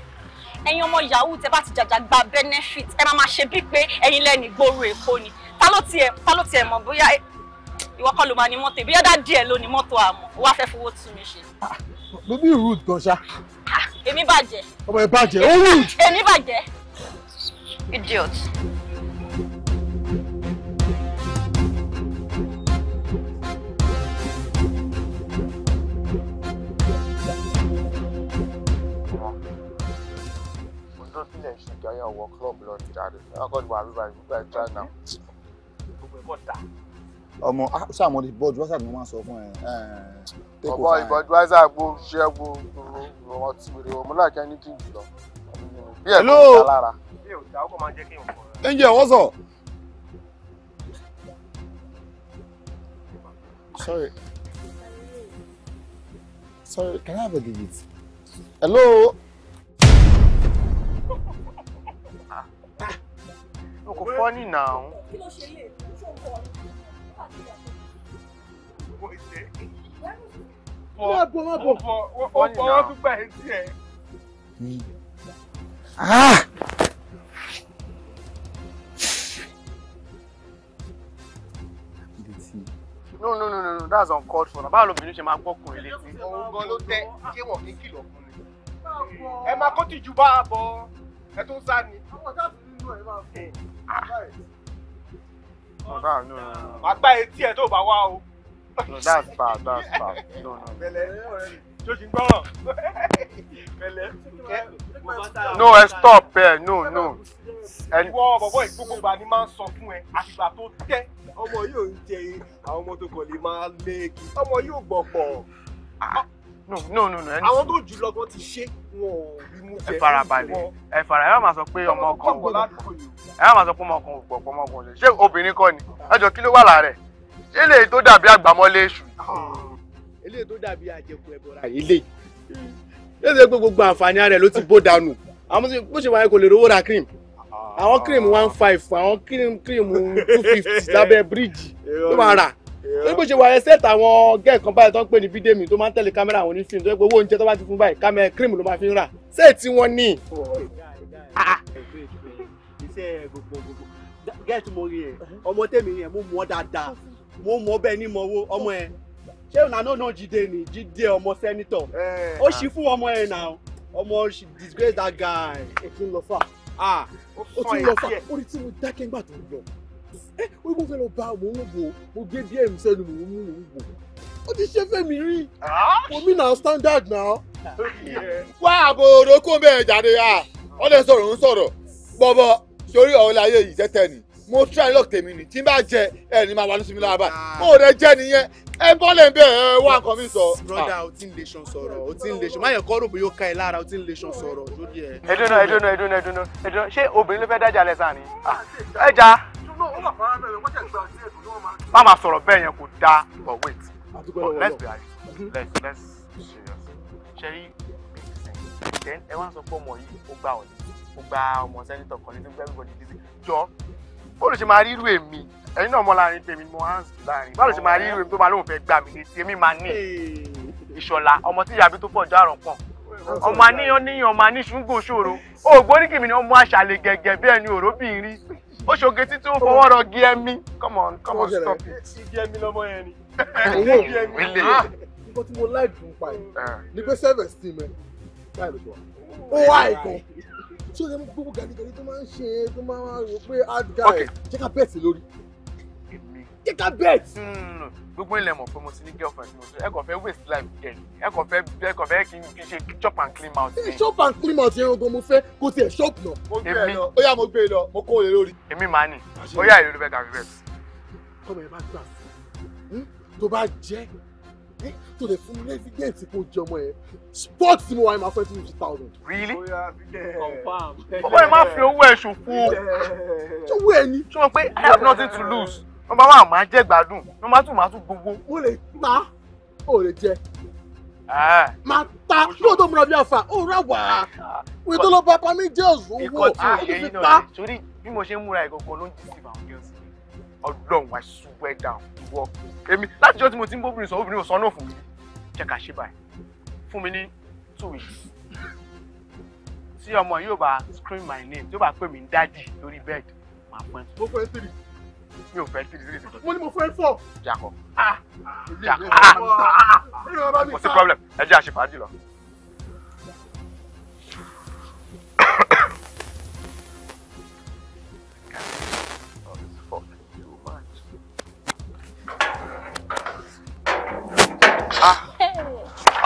Speaker 3: ẹ̀yin ọmọ yahoo tẹ bá ti jàjà gba benefit ẹ máa máa ṣe bíi pé ẹ̀yin lẹni gbòòrò èkó ni ta ló tiẹ̀ ta ló tiẹ̀ mọ̀ bóyá ìwọ kọ́ ló máa ní mọ́tò ìbí yọdá díẹ̀ ló ní mọ́tò àmọ́ ó wá fẹ́ fowó tún mi ṣe.
Speaker 2: bíbí ìrù gan ṣá.
Speaker 3: Ah, èmi bàjẹ́.
Speaker 2: ọmọ ẹ bàjẹ́ ó rù.
Speaker 3: èmi bàjẹ́. idiot.
Speaker 2: Ìjáyà wọ club lọ ní ìdáre akọ́ni wà bíbá ìgbà ìjà náà. ọmọ sàmọ ní bọ́ọ̀dù wásàgbé wọn sọ fún ẹ. ọmọ ìbọ̀dù wásàgbó ṣẹ́gbó ọmọ tí wèrè ọmọ náà kẹ́ ní kí n jù
Speaker 3: bí ẹ̀ ló ń ta lára.
Speaker 2: ẹ ń sọ. Sorry. Sorry, can I have a digit? Hello? o kò fọ́ ní nà án. kí ló ṣe lè kí ló kọ́ ọ má bọ̀ má bọ̀ ó fọwọ́ tún gbà ẹ́ tiẹ̀. no no no no no that's uncalled for na báwo lobìnrin ṣe máa gbọ́kùnrin létí. òun gan ló tẹ ṣé wọn kì kìlọ̀ fún mi. ẹ máa kó tìjú bá a bọ ẹ tó ń sá ni ọ̀gá no no no. wàá gbá etí ẹ tó bá wá o. no that's bad that's bad no no. bẹ̀lẹ̀ jòjì gbọ́rọ̀ bẹ̀lẹ̀. no ẹ stop ẹ no no. ìwọ bọ̀bọ̀ ìgbógun gba ni máa ń sọ fún ẹ àtìgbà tó tẹ́. ọmọ yóò ń jẹ àwọn ọmọ tó kọ̀ lè máa lé kí ọmọ yóò gbọ̀ pọ̀ no no no no. àwọn tó jù lọ́gbọ́n ti ṣe wọn ò rí mú jẹ. ẹ fara balẹ̀ ẹ fara ẹ má máa sọ pé ọmọ ọkàn wò ẹ má máa sọ pé ọmọ ọkàn wò pọ̀ ọmọ ọkàn wò ṣé obìnrin kọ́ ni ẹ jọ kí ló wà lára ẹ̀ ṣé lè tó dàbí àgbàmọ́lé èṣù. Ah, eléyìí tó dàbí àjẹkù ẹ̀bọ̀ra ilé yóò ṣe pé gbogbo àǹfààní rẹ̀ ló ti bó dànù àwọn bó ṣe wáyé kò lè rówó ra cream àwọn cream one five àwọn cream cream two fifty lábẹ́ bíríìjì tó máa rà torí bó ṣe wà ẹsẹ̀ tàwọn gẹ́ẹ̀ kan báyìí tó ń pè ní fídíò mi tó máa ń tẹ̀lé kámẹ́rà àwọn onífíìmù tó yẹ pé owó oúnjẹ tó bá ti fún báyìí kámẹ́ cream ló máa fi ń rà ṣé tí wọ́n ní. Ah. iṣẹ́ gbogbogbò gẹ́ẹ̀tì mo rí ẹ̀ ọmọ tèmi yẹn mo mọ̀ dáadáa mo mọ̀ bẹ́ẹ̀ ní mọ̀ owó ọmọ ẹ̀ ṣé òun àná náà jíde ni jíde ọmọ sẹ́nitọ̀ eh. ó ṣí fún ọmọ ẹ̀ náà ọmọ she disgrace that guy. ètò ah. ń lọ fà. ó tún lọ fà ó rí tí mo dákẹ́ ńgbà tó lọ ẹ wọ́n mú fẹ́ lọ bá mò ń mo gbé díẹ̀ mi sẹ́nu mò ń mú mò ó ti ṣe fẹ́mi rí omi náà standard náà. wá àbò òrókó bẹ́ẹ̀ jáde à wọ́n lè sọ̀rọ̀ ń sọ̀rọ̀ bọ̀bọ̀ sórí ọ̀hún láyé yìí tẹ́tẹ́ ni mo try lock tèmi ni tí n bá jẹ ẹ ní máa wà ní sinmi lára mo rẹ jẹ nìyẹn ẹ bọ́lẹ̀ ń bẹ̀ ẹ wá nǹkan mi sọ. broda o ti ń le sàn sọ̀rọ̀ o ti ń le sàn máyẹ̀ rògbò yóò ká ẹ lára o ti ń le sàn sọ̀rọ̀ lórí ẹ. ẹ dúnà ẹ dúnà ṣé obìnrin ló fẹ́ dájà lẹ́sàn-án ni ẹ má máa sọ̀rọ̀ bẹ́ẹ̀ yẹn kò dáa but wait let's be honest let's let's be serious ṣẹ́rí then ẹ wá sọ pé ọmọ yìí ó gbà ọ̀lẹ́ ó gba ọmọ sẹ́nitọ̀ kan nínú everybody dizzy jọ báwo ló ṣe máa rí irú èmi ẹ̀yin náà mọ láàrin tèmi mo hands láàrin báwo ló ṣe máa rí irú èmi tó máa lóun fẹ́ gbà mí létí èmi máa ní ìṣọ̀lá ọmọ tí ìyàbí tó pọ̀ jọ àrùn pọ̀ ọmọ aníyan níyan ọmọ aníṣùgbò ṣòro ògbóníkìmí ni ọmọ àṣàlẹ̀ gẹ̀gẹ̀ bẹ́ẹ̀ ni òróbìnrin ó ṣoge títí ó fọwọ́ rọ gí ẹmí come on come on stop it. gí ẹmí lọ́mọ yẹn ni. owó ilé ah. nǹkan tí mo láì dùn pa yìí ni ah. pé service team ẹ láì lọ́wọ́ ó wá ìgàn tí ó yẹ gbogbo gàdígàdí tó máa ń ṣe tó máa ń rò pé hard guy jẹ́ ká bẹ́ẹ̀ sí lórí jẹ́ ká bet. gbogbo ilẹ̀ mọ̀ pé mo ti ní girlfriend mo ti ẹ kàn fẹ́ waste life yẹn ẹ kàn fẹ́ ẹ kàn fẹ́ kí n fi ṣe chop and clean mouth. ṣe chop and clean mouth yẹn ogun mo fẹ́ kó tiẹ̀ chop lọ. mo gbé e lọ ó yá mo gbé e lọ mo kó o lè lórí. èmi máa nì ó yá ìrírí bẹ́ẹ̀ tàbí bẹ́ẹ̀. kọ́mọ̀ ẹ bá gbà fún hmm, tó bá jẹ́ hmm, tó lè fún mi ní evidence kó jẹ ọmọ yẹn sport tí mo wà yẹn máa fẹ́ two thousand. really confam. ọmọ yẹn máa fi owó ẹ̀ ṣòfò. ṣé owó ẹ ni. ṣé o mọ̀ pé I have nothing to lose nọ́mbà wà máa jẹ́ gbádùn nọ́mbà tù máa tún gbogbo. o lè ta o lè jẹ. Ah. máa ta lóòótọ́ múra bí àfà ó rà wá wí tó lọ bá pa mí jẹ́ ọ̀sùn owó ó ti fi ta. torí bí mo ṣe ń múra ìkọ̀kọ̀ ló ń jí sí ìbàwọ̀n gẹ́gẹ́ sí ọlọ́run I swear down wọ èmi láti jọ́ tí mo ti ń bóbìnrin sọ obìnrin ò sọ náà fún mi jẹ́ ká ṣe báyìí fún mi ní two weeks tí ọmọ yóò bá scream my name tí ó bá pè mí ń dádì lórí bẹ́ẹ̀dì máa pẹ́ tó pẹ́ three mi ò fẹ́ three three three. mo ní mo fẹ́ four. jakọ jakọ kò sí problem ẹ jẹ́ àṣepàájì lọ.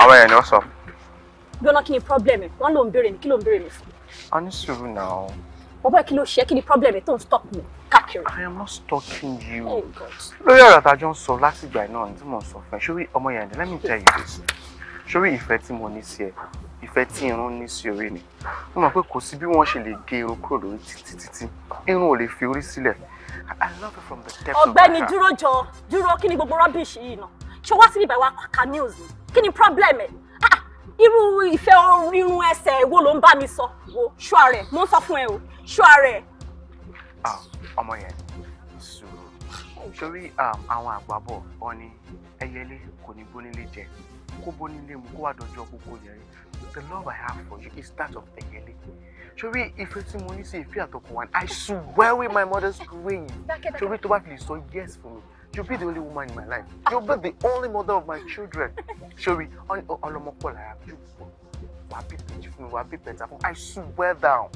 Speaker 2: àwọn èèyàn ni wọ́n sọ.
Speaker 3: gbọ́dọ̀ kí ni problem ẹ̀ wọ́n ló ń béèrè mi kí ló ń béèrè mi fún.
Speaker 2: a ní sùúrù náà
Speaker 3: bọ́bọ́ kí ló ṣe kí ni problem tó ń stop me
Speaker 2: káàkiri. I am not stalking you. Oh, lórí ọ̀rọ̀ àtàjọ ń sọ látìgbà náà tí mò ń sọ fún ẹ ṣórí ọmọ yẹn let me tell you this ṣórí ìfẹ́ tí mo ní sí ẹ ìfẹ́ tí irun ní sí orí ni mo mọ̀ pé kò sí bí wọ́n ṣe lè gé irun kúrò lórí títí títí irun ò lè fi orí sílẹ̀ I love you from the depth of my heart. ọ̀gbẹ́ni dúró
Speaker 3: jọ dúró kí ni gbogbo rọ́bìṣì yìí náà ṣọwọ́ sí ibà wa kà news kí ni problem ẹ̀ irú ìfẹ́ orírun ẹsẹ̀ èwo ló ń bá mi sọ wo ṣọ́ rẹ̀ mo ń sọ fún ẹ o ṣọ́ rẹ̀.
Speaker 2: ọmọ yẹn sùúrù sórí àwọn àgbàbọ̀ wọn ni ẹyẹlé kò ní gbónílé jẹ kó gbónílé mu kó wà dọjọ́ gbogbo yẹn the love i have for you is that of ẹyẹlé sórí ìfẹ́ tí mo ní sí ìfẹ́ àtọkùnrin i swear with my mother's grace sórí tó bá fi lè sọ yes for. mi. You'll be the only woman in my life. You'll be the only mother of my children. Shori, Olomokola, you wapi peji fún mi, wapi pẹ̀ta I swear down.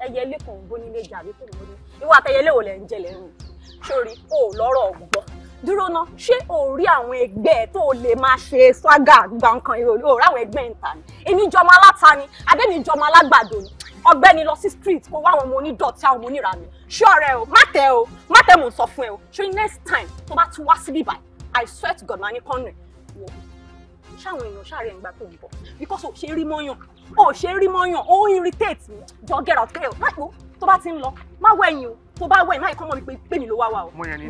Speaker 3: Ẹyẹ ilé kan bó nílé jàre kò ní ní. Ìwà àtẹyẹlé ò lẹ̀ ń jẹ lẹ́rù. Shori, o lọ́rọ̀ ọ̀gbọ́n. Dúró ná, ṣé o rí àwọn ẹgbẹ́ tó lè máa ṣe swagger gba nǹkan ìròyìn? O rí àwọn ẹgbẹ́ ń ta ni. Èmi jọmọ aláta ni, àbẹ́mi ni ọgbẹ́ni lọ sí street kó wá àwọn ọmọ onídọ̀tí àwọn ọmọ oníranú ṣé ọ̀rẹ́ o má tẹ o má tẹ mò ń sọ fún ẹ o ṣé next time tó bá tún wá síbí báyìí I swear to God máa ní kọ́nù ẹ̀ wò ó ṣáwọn èèyàn ṣáà rẹ̀ ń gbà tó ń bọ̀ because o ṣe rí mọ́yàn o ṣe rí mọ́yàn o ń irritate mi jọ get out kẹ́yọ̀ má tó tó bá ti ń lọ má wẹ̀yìn o tó bá wẹ̀yìn má yẹ kọ́ mọ́ mi pé mi ló wá wa o. ọmọ yẹn ni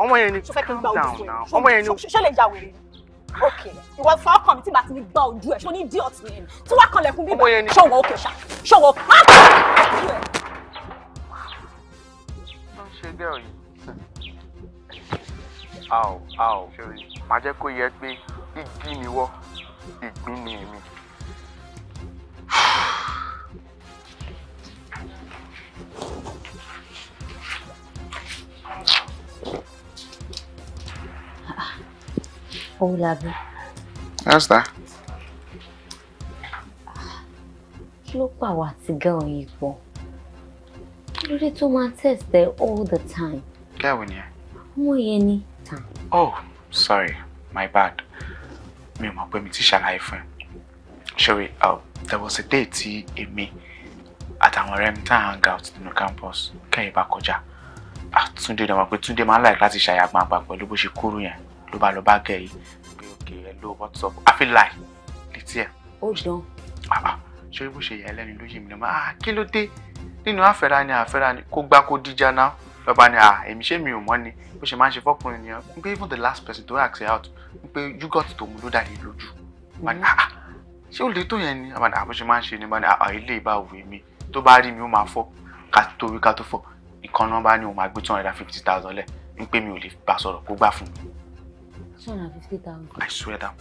Speaker 3: ọmọ yẹn ni calm down now ọmọ yẹn ni ṣẹlẹ̀ ìjà wèrè ni okay ìwọ fọ ọkàn mi tí bá ti ní gbọ́ ojú ẹ̀ ṣó ní díọ̀ tì mí tí wàá kan lẹ̀kùn bíbá ṣọwọ́ òkè ṣá ṣọwọ́ má kọ́ ojú ẹ̀.
Speaker 2: ló ń ṣe bẹ́ẹ̀ yìí a ò a ò ṣeré màá jẹ́ kó yẹ pé igi ni wọ́ ìgbín ni èmi.
Speaker 3: Ọ̀làbí. How's that? Kí ló pàwọ́ àti gan-an yìí pọ̀? Kí ló dé test ẹ all the time? Gáwo ni ẹ? Ọmọ yẹn ni.
Speaker 2: Oh, sorry, my bad. Mi ò mọ̀ pé mi ti ṣàlàyé fún ẹ. Ṣeré, there was a day tí èmi at ọ̀rẹ́ mi tá hang out nínú campus kẹ́yìn bá kọjá. Ah, Túndé dàgbà pé Túndé máa ń láì láti ṣàyàgbọ́n àgbà pẹ̀lú bó ṣe kúrú yẹn ló bá lọ bá gẹ̀ yìí pé òkè ẹ ló whatsapp àfi láì létí ẹ̀. ó dán. Ah, ah, ṣé bó ṣe yẹ ẹlẹ́ni ló yé mi lọ́mọ ah kí ló dé nínú àfẹ́ra ni àfẹ́ra ni kó gbá kó díjà náà lọ́ba ni ah èmi ṣé mi ò mọ̀ ni bó ṣe máa ń ṣe fọ́kùnrin nìyẹn n pé even the last person to ask her out n pé yúgọ̀tì tó mu ló dà yìí lójú mm-hmm. ah, ṣé ó lè tó yẹn ni àbàdà bó ṣe máa ń ṣe ni báni àwọn ilé ìbá òwe mi tó bá rí mi ó máa fọ́ ká tó wí ká tó fọ́ ìkan náà bá ní òun máa gbé two hundred and fifty thousand lẹ̀ ń pé mi ò lè bá sọ̀rọ̀ kó gbà fún mi two I swear down.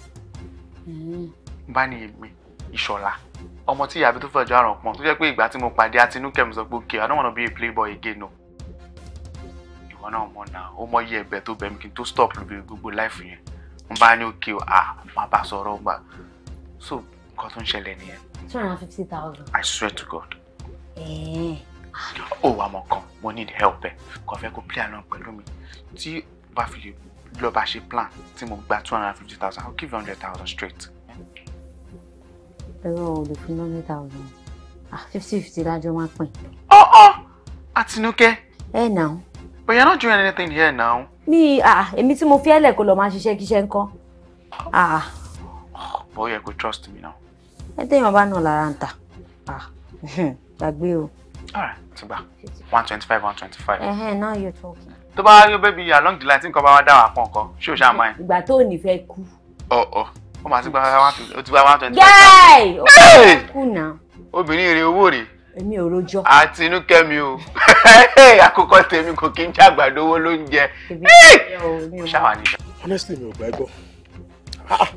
Speaker 2: Mm. bá ní èmi ìṣọ̀lá ọmọ tí ìyàbí tó fẹ́ jọ àrùn pọ̀n tó jẹ́ pé ìgbà tí mo pàdé Àtinúkẹ́ mi sọ pé okay I don't wanna be a playboy again o. ìwọ náà mọ̀ náà ó mọ iye ẹ̀bẹ̀ tó bẹ̀ mí kí n tó stop lóbi gbogbo life yẹn n bá ní okay o ah má bá sọ̀rọ̀ gbà so nǹkan tó ń ṣẹlẹ̀ nìyẹn.
Speaker 3: two fifty thousand. I
Speaker 2: swear to God.
Speaker 3: Eh
Speaker 2: ó wà mọ̀ kan mo need help ẹ̀ kò fẹ́ kó play along pẹ̀lú mi tí bá fi lè lọ bá ṣe plan tí mo gba two hundred and fifty thousand i will give you hundred thousand straight.
Speaker 3: ẹ̀rọ olùfún lọ́mí thousand ah, fifty fifty lájọ́ máa pín. ọ̀ oh, ọ̀ oh! àtinúkẹ́. ẹ nà ó.
Speaker 2: but you are not doing anything here now.
Speaker 3: mi ah, èmi tí mo fi ẹ̀lẹ̀ kó lọ máa ṣiṣẹ́ kíṣẹ́ ńkọ́. Ah.
Speaker 2: Boy, you kó trust me now.
Speaker 3: ẹ tẹ́yìn bàbá náà lára ń tà gbàgbé o. all
Speaker 2: right tìgbà one twenty five one twenty five.
Speaker 3: now you're talking
Speaker 2: tó bá rí bẹ́bí along the line tí nǹkan bá wá dá wà pọ̀ nǹkan ṣé o ṣáà máa ń.
Speaker 3: ìgbà tó ní fẹ́ kú.
Speaker 2: ọ ọ ó máa ti gba one twenty ó ti gba one twenty. yẹ́ẹ̀ ọ̀pọ̀ kùnà. obìnrin rè owó rè. èmi ò rojọ́. àti inú kẹ́mi o àkókò tèmi kò kí n jẹ́ àgbàdo owó lóúnjẹ. ṣáwa ni. honestly mi ò gbàgbọ́ ah, ah.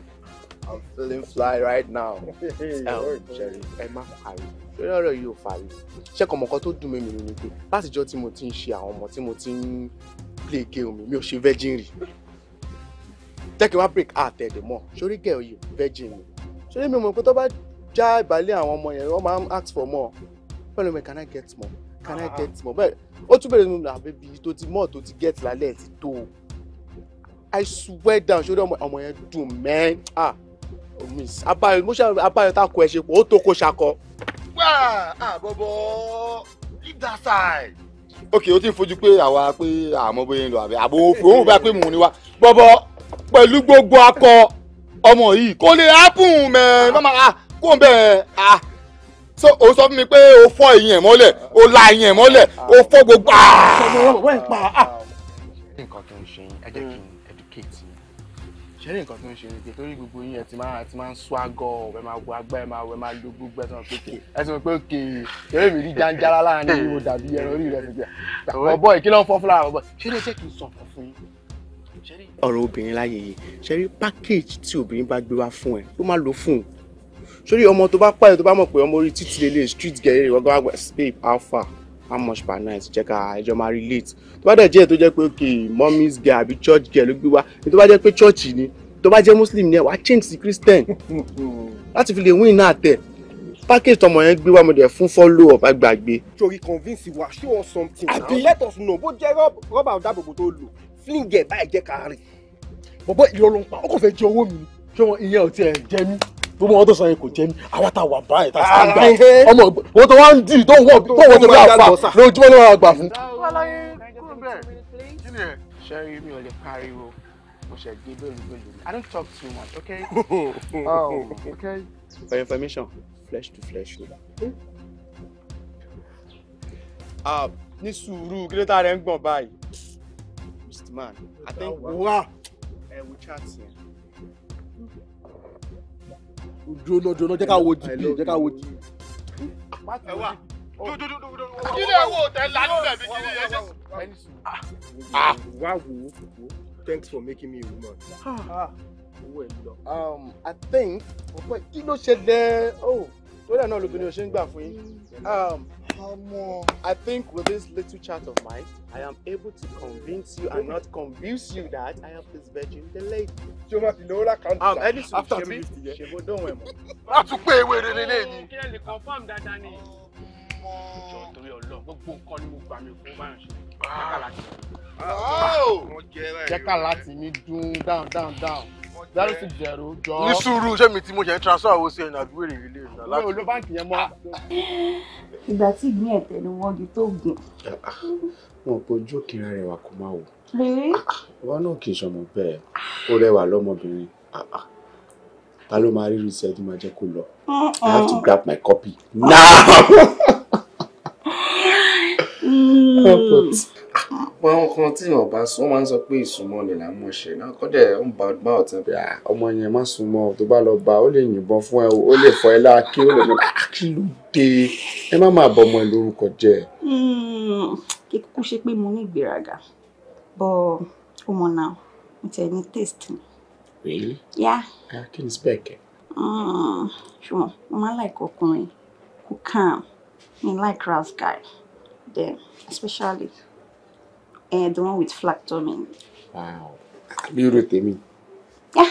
Speaker 2: I'm feeling fly right now. Ẹ má pariwo. Lórí ọ̀rọ̀ yìí ò pariwo. Ṣé kọ̀mọ̀kan tó dùn mí mi ni pé látijọ́ tí mo ti ń ṣe àwọn ọmọ tí mo ti ń play game mi, mi ò ṣe virgin rí. Jẹ́ kí n wá break heart ẹ̀dẹ̀ mọ́. Sórí gẹ̀ọ́ yìí virgin ni. Sórí mi mọ̀ pé tó bá já ìbálẹ̀ àwọn ọmọ yẹn, wọ́n máa ń ask for more. Pẹ̀lú mi, can I get more? Can I ah. get more? Bẹ́ẹ̀ ó tún bẹ̀rẹ̀ nínú àbẹ̀bí tó ti mọ̀ tó ti get lálẹ́ ẹ̀ ti tó I swear down ṣé ọmọ yẹn dùn mẹ́ẹ́ ah miss abayọ mo ṣe abayọ ta ko ẹ ṣe pọ ó ṣakọ. wá àbọ̀bọ̀ leave that side. ok o ti fojú pé àwa pé àmọ́ bóyá ń lọ àbẹ àbò òun bá pé mò ń wá bọ̀bọ̀ pẹ̀lú gbogbo akọ ọmọ yìí kò lè happen mẹ́ mama kò bẹ́ẹ̀ ah so o sọ fún mi pé o fọ́ ẹ̀yìn mọ́lẹ̀ o la ẹ̀yìn mọ́lẹ̀ o fọ́ gbogbo ah. sọmọ wọn ẹ pa ah. nǹkan tó ń ṣe ẹ jẹ́ kí n ṣe ní nǹkan tó ń ṣe ni pé torí gbogbo yín ẹ ti máa ti máa ń sọ àgọ ẹ máa wo àgbá ẹ máa wo ẹ máa gbogbo ẹ sọ pé kè ẹ sọ pé kè eré mi rí jáńjárá láàrin yìí dàbí ẹran orí rẹ nìgbà ọbọ yìí kí ló ń fọ fúlà ọbọ ṣé ní ṣé kì í sọ fún fún yín. ọ̀rọ̀ obìnrin láyé yìí ṣe rí package tí obìnrin bá gbé wá fún ẹ ló máa lò fún un sórí ọmọ tó bá pààyàn tó bá mọ̀ pé ọmọ orí títí lélẹ̀ street gẹ̀ẹ́rẹ́ ìwọ́gbọ́n àgbà spape alpha how much per night jẹ́ ká ẹjọ́ máa relate tó bá dẹ̀ jẹ́ tó jẹ́ pé okay mommy's girl àbí church girl ló gbé wá ní tó bá jẹ́ pé church ni tó bá jẹ́ muslim ni ẹ wá change sí christian láti fi lè win náà tẹ̀ package tọmọ yẹn gbé wá mo dẹ̀ fún follow up agbàgbé. torí convince wa show us something now let us know bó jẹ́ rọ́bà ọ̀dàbòbò tó lò fling ẹ̀ báyìí jẹ́ ká rí bọ̀bọ̀ ìlọrin pa ó kò fẹ́ jẹ owó mi ṣé wọn ìyẹn ò tiẹ̀ jẹ mí gbogbo wọn tó sọ kò jẹ mí àwa ta wà báyìí ta stand by ọmọ wọn tó wá ń dì tó wọ tó wọ tó bá fà lójúmọ́ ló wà gbà fún.
Speaker 3: sẹ́rí mi ò lè
Speaker 2: pariwo mo ṣe gbé bẹ́ẹ̀lú bẹ́ẹ̀lú i don't talk too much okay. um, okay. information flesh to flesh ni. Ah, ní sùúrù kí ló tá a rẹ̀ ń gbọ̀n báyìí mr man i think. wà ẹ eh, wò chat yẹn jóná jóná jẹ́ ká wo dìbì jẹ́ ká wo dìbì. ẹ wá kí tẹ lanu bẹbi kí ni yẹn ṣe. Ah. Ah. wá wo thanks for making me a woman. Ah. owó ẹ um, I think kí ló ṣẹlẹ̀. Oh lórí ẹ̀ náà lóbìnrin ò ṣe ń gbà fún yín. Um, ọmọ. I think with this little chat of mine, I am able to convince you and not convince you that I am this virgin the lady. tí o máa fi lówó lákàntì ta Edison ṣebí ṣebó dóhùn ẹ̀ mọ́. a tún pé ewé rere lẹ́yìn. kí ẹ lè confam dáadáa ni. ìjọ torí Ọlọ́run gbogbo nǹkan ni mo gbà mí fún báyọ̀ ṣe jẹ́ká láti mi dún down down down zero six zero jọ. ní sùúrù ṣé mi tí mo ṣe ń transfer owó sí ẹ̀yìn àdúgbò èrè ìrìnà láti. mi ò lo báǹkì yẹn mọ́.
Speaker 3: ìgbà tí ìgbín ẹ̀tẹ̀ ni wọ́n
Speaker 2: di tó gùn. wọn kò jó kíra rẹwà kó má wò.
Speaker 3: Ah, ah,
Speaker 2: wọn náà kì í ṣọmọ bẹ́ẹ̀ ó rẹwà lọ́mọbìnrin ah, ta ló máa rí rí iṣẹ́ tó máa jẹ́ kó lọ. I have to grab my copy now. pọ̀ hmm. àwọn kan tí wọn bá sún máa ń sọ pé ìsúnmọ́ ni là ń mọ̀ṣẹ́ náà kọ́dẹ̀ ó ń ba ọgbà ọ̀tàn pé ah, ọmọ yẹn má súnmọ́ tó bá lọ bá ó lè yìnbọn fún ẹ ó lè fọ ẹ láàkí ó lè mọ kí ló dé ẹ má máa bọ ọmọ ẹ lórúkọ jẹ.
Speaker 3: Hmm. kí kúkú ṣe pé mo ní ìgbéraga bọ ọmọ náà mo tẹ ní taste ni. really? yeah.
Speaker 2: kí ni spec ẹ.
Speaker 3: Hmm. ṣùgbọ́n mo máa ń like ọkùnrin kò kàn mí like rough guy there, especially uh, the one with flat tummy. Wow.
Speaker 2: Bírò me. Yeah.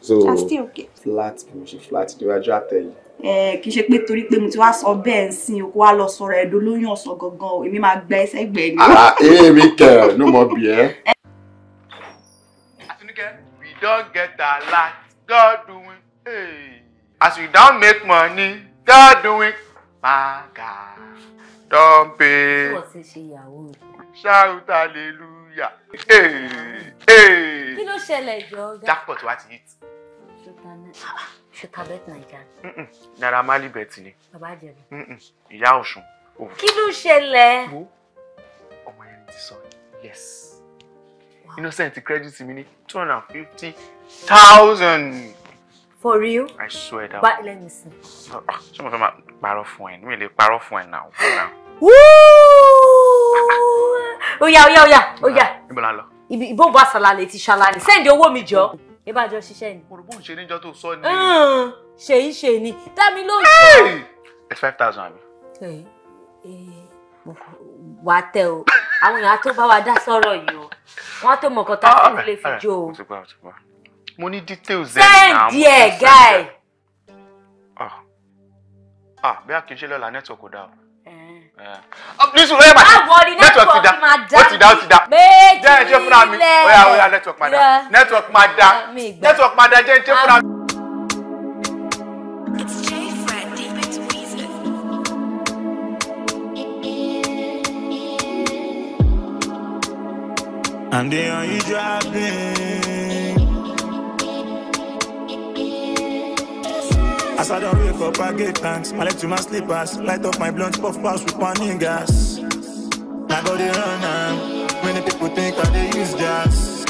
Speaker 2: So, I'm still okay. Flat, kì í ṣe flat, tí wàá jọ àtẹ̀yìn.
Speaker 3: Eh, kì í ṣe pé torí pé mo ti wá sọ bẹ́ẹ̀ ń wa lọ sọ̀rọ̀ ẹ̀dọ́ lóyún ọ̀sán gangan o, èmi máa gba ẹsẹ̀ ni. Ah,
Speaker 2: èmi eh, kẹ̀ ló mọ bí ẹ. Atunike, we don't get that lot, God doing. Hey. As we don't make money, God doing. My God
Speaker 3: tọ́ǹpẹ́. wọ́n ti ṣe
Speaker 2: ìyàwó rẹ̀. shout hallelujah. kí
Speaker 3: ló ṣẹlẹ̀ jọ ọ̀gá. jackpot wa ti hit. ṣùtà bet
Speaker 2: naija. naira mali bet ni. bàbá àjẹbí. ìyá ọ̀ṣun. Oh.
Speaker 3: kí ló ṣẹlẹ̀.
Speaker 2: wo ọmọ yẹn ti sọ yes innocent credit mi ní two hundred and fifty thousand. For real? I swear that. But
Speaker 3: let me see. So,
Speaker 2: ṣé mo fẹ́ máa parọ́ fún ẹ? Mi lè parọ́ fún ẹ now.
Speaker 3: Woo! Oya oya oya oya. Ibo ah, la lọ. Ibi ìbọn bá ṣàlàyé ti ṣàlàyé. Sẹ́ǹdì owó mi jọ. Ìbàjọ́ ṣiṣẹ́ ni. Mo rò bóun ṣe níjọ́ tó sọ ni. Ah, Ṣèyí ṣe ni. Dámi ló jọ.
Speaker 1: It's five thousand àbí.
Speaker 3: Wàá tẹ o, àwọn èèyàn á tó bá wa dá sọ̀rọ̀ yìí o, wọ́n á tó mọ̀ nǹkan tá a kúrò ah,
Speaker 2: lè
Speaker 3: mo ní details ẹ̀ náà mo ti send ẹ̀.
Speaker 2: Ah. ah bí a kì í ṣe lọ́la network kò dá o.
Speaker 3: nísìnyí ó yẹ màá ṣe network ti dá ó ti dá ó ti dá jẹ́ ẹ jẹ́ fúnra mi ó yà ó yà network máa
Speaker 2: dá eh, network máa dá eh, network máa dá jẹ́ ẹ
Speaker 1: As I don't wake up, I get thanks. I left to my slippers, light up my blunt, puff pass with burning gas. I go the run now. Many people think that they use gas.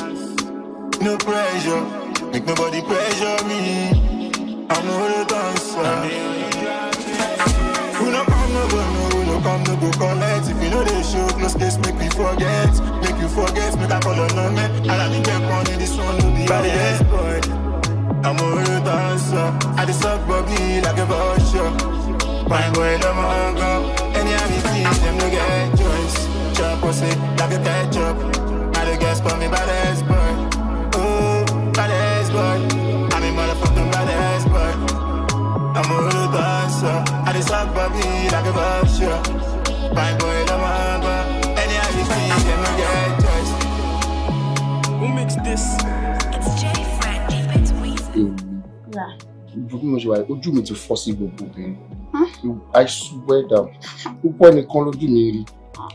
Speaker 1: No pressure, make nobody pressure me. I'm no dancer. Who no come no go no, who no come no go collect. If you know they show close case, make me forget, make you forget. Make I call your number, and I think they I just suck like a vulture. My boy, them all go. of we see them no get choice. Chop pussy like a ketchup. I the guess for me badass boy. Ooh, badass boy. I'm a motherfucking badass boy. I'm a real dancer. I the suck bubbly like a vulture.
Speaker 2: bí mo ṣe wà ojú mi ti fọ́ sí gbogbo obìnrin i swear down púpọ̀ nìkan lójú mi rí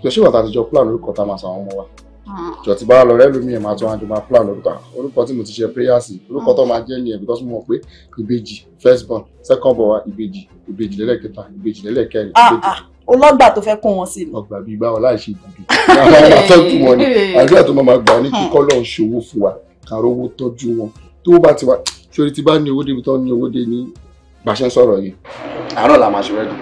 Speaker 2: jọ̀ọ́ ṣé wàtà àtijọ́ plan orúkọ tá a máa sọ àwọn ọmọ wa jọ̀ọ́ ti bára lọ rẹ́ lómi ẹ̀ máa tún àjọ máa plan orúkọ orúkọ tí mo ti ṣe prayer sí orúkọ tó máa jẹ́ nìyẹn because mo mọ̀ pé ìbejì first born second born wa ìbejì ìbejì lẹ́lẹ́kẹta ìbejì lẹ́lẹ́kẹrin ah, ìbejì
Speaker 3: olọ́gbà ah, tó fẹ́ kún wọn sí
Speaker 2: ni. ọgbà bíi báwọn láì ṣe ìbùdó àwọn àtọ́jú wọn ni àdúrà tó máa gbà ní kíkọ́ lọ́ọ́ ṣòwò fún wa kàró owó tọ́jú wọn tó bá ti wá sórí tí bá ní owó débi tó ní owó dé ní bá ṣe yìí àárọ̀ la máa ṣe rẹ́dì.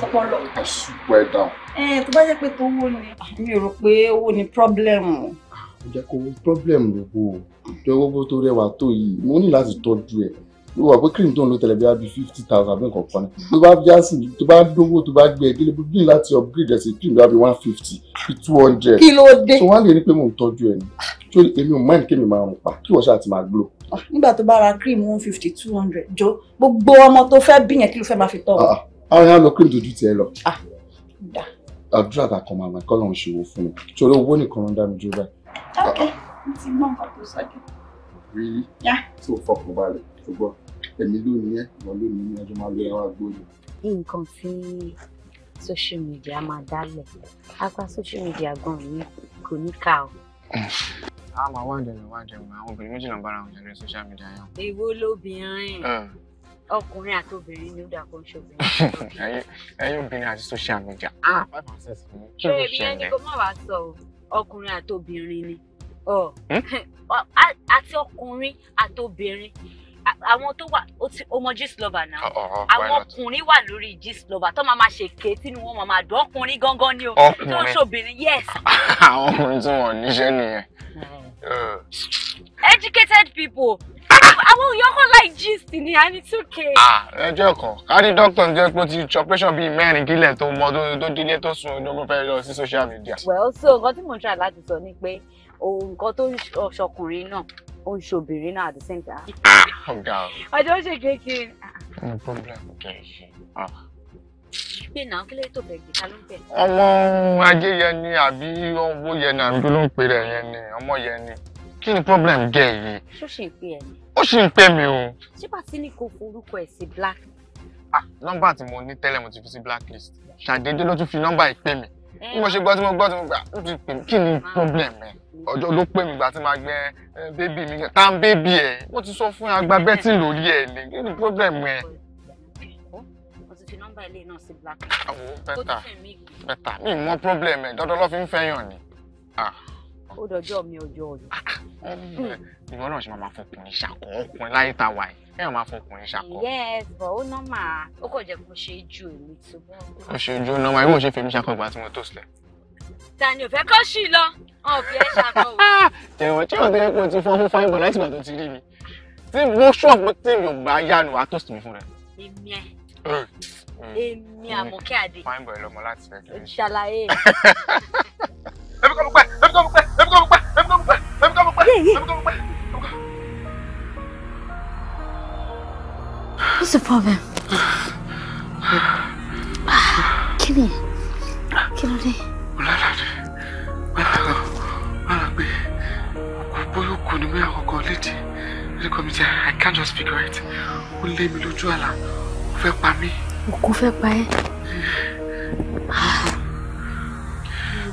Speaker 3: sọpọ lọ. ẹ
Speaker 2: sùpẹ́ dáhùn.
Speaker 3: ẹ tó bá jẹ́ pé tó wó ni. Ah, mi rò pé owó ni pírọ́blẹ̀mù. ó
Speaker 2: ah, jẹ́ kó pírọ́blẹ̀mù gbogbo jọ gbogbo tó rẹwà tó yìí mo ní láti tọ́jú ẹ̀ wà pé cream tó ń lo tẹ́lẹ̀ bí i fifty thousand àbí nǹkan kan ni tó bá já sí tó bá dówó tó bá gbé ẹgbẹ́ lébú bí láti upgrade ẹ̀sìn cream bí i one fifty bí two hundred kí ló dé tó wá lè ní pé mò ń tọ́jú ẹ̀ ni tó èmi ò mind kémi máa rùn pa kí wọ́n ṣáà ti máa glow.
Speaker 3: Ah, nígbà tó bá ra cream one fifty two hundred jọ gbogbo ọmọ tó fẹ́ bí yẹn kí ló fẹ́ máa fi tọ́ ọ. Ah, ah.
Speaker 2: àwọn yàrá lọ cream tó ju tiẹ̀ lọ. àdúrà àtàkùn màmá kọ́ lọ́run ṣòwò fún mi torí owó nìkan ló ń dá mi dúró báyìí.
Speaker 3: ok mo ti mọ nǹkan
Speaker 2: tó sọ jù. really? yeah. tó fọkàn balẹ̀ ṣùgbọ́n èmi ló ẹ ìwọ ló ní máa lọ ẹwà gbòòrò.
Speaker 3: nǹkan tí social media máa dálẹ̀ apá social media gan-an ni kò ní ká o. Ah, a máa wá ìdẹ̀rẹ̀ wá ìdẹ̀rẹ̀
Speaker 1: àwọn obìnrin méjì náà bára wọn jẹrẹ social media yẹn.
Speaker 3: èwo lóbìnrin ah. ọkùnrin àti obìnrin ni ó dà kó ń ṣe
Speaker 2: obìnrin. ẹ̀yin obìnrin àti social media
Speaker 3: ah five and six ni
Speaker 2: kí ló ṣẹlẹ̀. ṣé ibi ẹni kò má
Speaker 3: wàá sọ ọkùnrin àti obìnrin ni oh. hmm? àti ọkùnrin àti obìnrin àwọn tó wà ó mọ gist lover náà uh-huh, àwọn ọkùnrin wà lórí gist lover tó máa ma ṣe ké tínú wọn máa ma dùn ọkùnrin gangan ni o tó ń ṣòbìnrin yes.
Speaker 2: àwọn ọkùnrin tí wọn níṣẹ́ nìyẹn. Uh.
Speaker 3: educated people àwọn èèyàn kan láì gist ni a ní two k.
Speaker 2: Ah, ẹjọ́ kan kárí dókítà ń jẹ́ pé ó ti ṣe operation bíi mẹ́rin kílẹ̀ tó mọ tó délé tó sun ọdún fẹ́ lọ sí social media.
Speaker 3: well so nǹkan tí mo ń ṣe láti sọ ni pé ohun nǹkan tó ń ṣọkùnrin náà ó ń ṣobìnrin náà at the ọjọ́ ah, oh ṣe kékeré.
Speaker 2: no problem kì í ṣe.
Speaker 3: pé ah. náà kí lè tó bẹ̀ gbé ta ló ń bẹ̀. ọmọ
Speaker 2: ajé yẹn ni àbí owó yẹn ni àbí ló ń pè rẹ̀ yẹn ni ọmọ yẹn ni kí ni problem gẹ̀ yìí.
Speaker 3: ṣó ṣì ń pè ẹ̀ ni.
Speaker 2: ó ṣì ń pè mí o.
Speaker 3: ṣé bàtí ni kò forúkọ ẹ̀ sí black. ah nọ́mbà
Speaker 2: tí mo ní tẹ́lẹ̀ mo ti fi sí blacklist ṣàdédé ló tún fi nọ́mbà ìpè mi
Speaker 3: bí mo ṣe gbọ́ tí mo gbọ́ tí mo
Speaker 2: gbà ó ti pè mí kí ni ah. problem ẹ̀ ọjọ́ ló pè mí ìgbà tí màá gbẹ bébì mi tá n bébì ẹ̀ wọ́n ti sọ fún agba bẹ́tì lórí ẹ̀ ní kí ni pírọ́blẹ̀mù ẹ̀.
Speaker 3: àwọn bẹ́tà bẹ́tà mi mọ pírọ́blẹ̀mù ẹ̀ dandan ló fi ń fẹ́yàn
Speaker 1: ni. Ah.
Speaker 3: ó dọjọ́ mi ọjọ́ ni. Ah, ah.
Speaker 2: ìwọ náà ṣe máa fọkùnrin ṣàkọ ọkùnrin láyé tá a wà yìí ẹ máa fọkùnrin
Speaker 3: yes but ó nọ́mà ó kò jẹ́ kó ṣe é ju èmi tó bọ́.
Speaker 2: ó ṣe é ju nọ́mà bí mo ṣe fèmí ṣàkọ ìgbà tí mo tó sílẹ̀
Speaker 3: tani ò fẹ́ kó ṣì lọ wọn ò fi ẹ́ ṣàkọ o.
Speaker 2: ẹ̀wọ̀n tí ọ̀dọ́ epo ti fọ́n fún fáyín bọ̀ láti ìgbà tó ti rí mi tí mo ṣọ́ọ̀ pé tí mi ò gbà á yánu wàá tó sì mi fún rẹ.
Speaker 3: èmi ẹ èmi àmọ̀kẹ́ àdé. fáyín bọ̀ ẹ lọ́mọ láti fẹ́ kí n ṣe. ṣàlàyé. ẹbí kọ́ mo pẹ́ ẹbí kọ́ mo pẹ́ ẹbí kọ́ mo pẹ́ ẹbí kọ́ mo pẹ́ ẹbí kọ́ mo pẹ́ ẹbí kọ́ mo pẹ́. What's the problem? Kí ni? Kí ló dé? ọ̀làlàdé mọ́tàrọ̀ mọ́làgbé bóyá òkú
Speaker 2: ni ọkọ̀ létí lórí kọ́mìtì I can't just figure it ó lé mi lójú àlá ó fẹ́ pa mí.
Speaker 3: òkú fẹ́ pa ẹ́. Ah.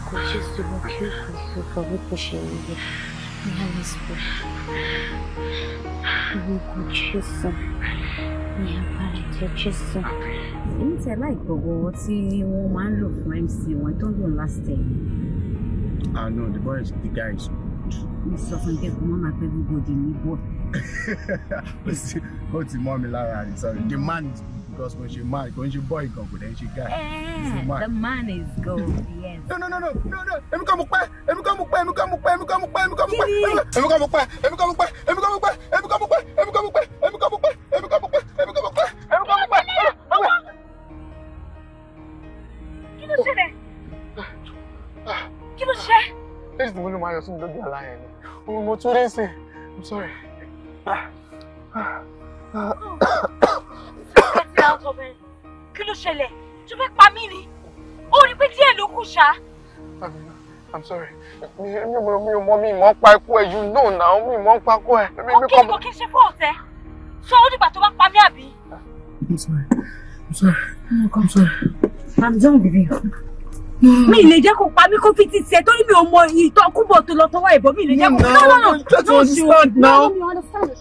Speaker 3: kò ṣe sùn kí ó sùn sùn kò ṣe yẹ. Алиспу. Orúkọ Jésù ní agbára ẹ̀jẹ̀ Jésù. Èmi tẹ láì gbogbo wọn tí wọ́n máa ń lò fún MC wọn tó ń last time.
Speaker 2: Ah no, the boy is the guy is good.
Speaker 3: Mi sọ fún pé kò mọ́
Speaker 2: máa pẹ́ gbogbo di ní bọ́ọ̀. Ó ti mọ́ mi lára àdìsọ́rọ̀, the man is good because when she married, when she boy go, then she got. Yeah,
Speaker 3: the man is gold.
Speaker 2: Yes. No, no, no, no, no, no. Èmi kọ́ mo pẹ́, èmi kọ́ mo pẹ́, èmi kọ́ mo pẹ́, èmi kọ́ mo pẹ́, èmi kọ́ mo pẹ́, èmi kọ́ mo pẹ́, èmi kọ́ mo pẹ́, èmi kọ́ mo pẹ́, èmi kọ́ mo pẹ́, èmi kọ́ mo pẹ́, èmi kọ́ mo pẹ́, èmi kọ́ mo pẹ́, èmi kọ́ mo
Speaker 3: pẹ́, èmi kọ́ mo pẹ́, èmi kọ́ mo pẹ́. Kí ló ṣẹlẹ̀? Kí ló ṣe?
Speaker 2: Èsì wo ló máa yọ sí mi lójú àlá yẹn ni? Mo tún rẹ́
Speaker 1: sìn. I'm sorry. Oh
Speaker 3: gbé out of it kí ló ṣẹlẹ̀ tó fẹ́ pa mí ni ó rí pé díẹ̀ ló
Speaker 2: I'm sorry. I'm sorry. Mi mi mo mi mo mi mo pa ikú ẹ you know now
Speaker 3: mi mo pa ikú ẹ. Òkè ìgò kì í ṣe fún ọ̀tẹ́. Sọ ó dìgbà tó bá pa mí àbí. I'm sorry. I'm sorry. Oh, I'm sorry. I'm done with you. Mi lè jẹ́ kó pa mí kó fi títí ẹ torí mi ò mọ ìtọ́kùbọ̀ tó lọ tọwọ́ ìbọn mi lè jẹ́ kó. No, no, no, no, no, no, no, no, no, no, no, no, no, no, no, no, no, no,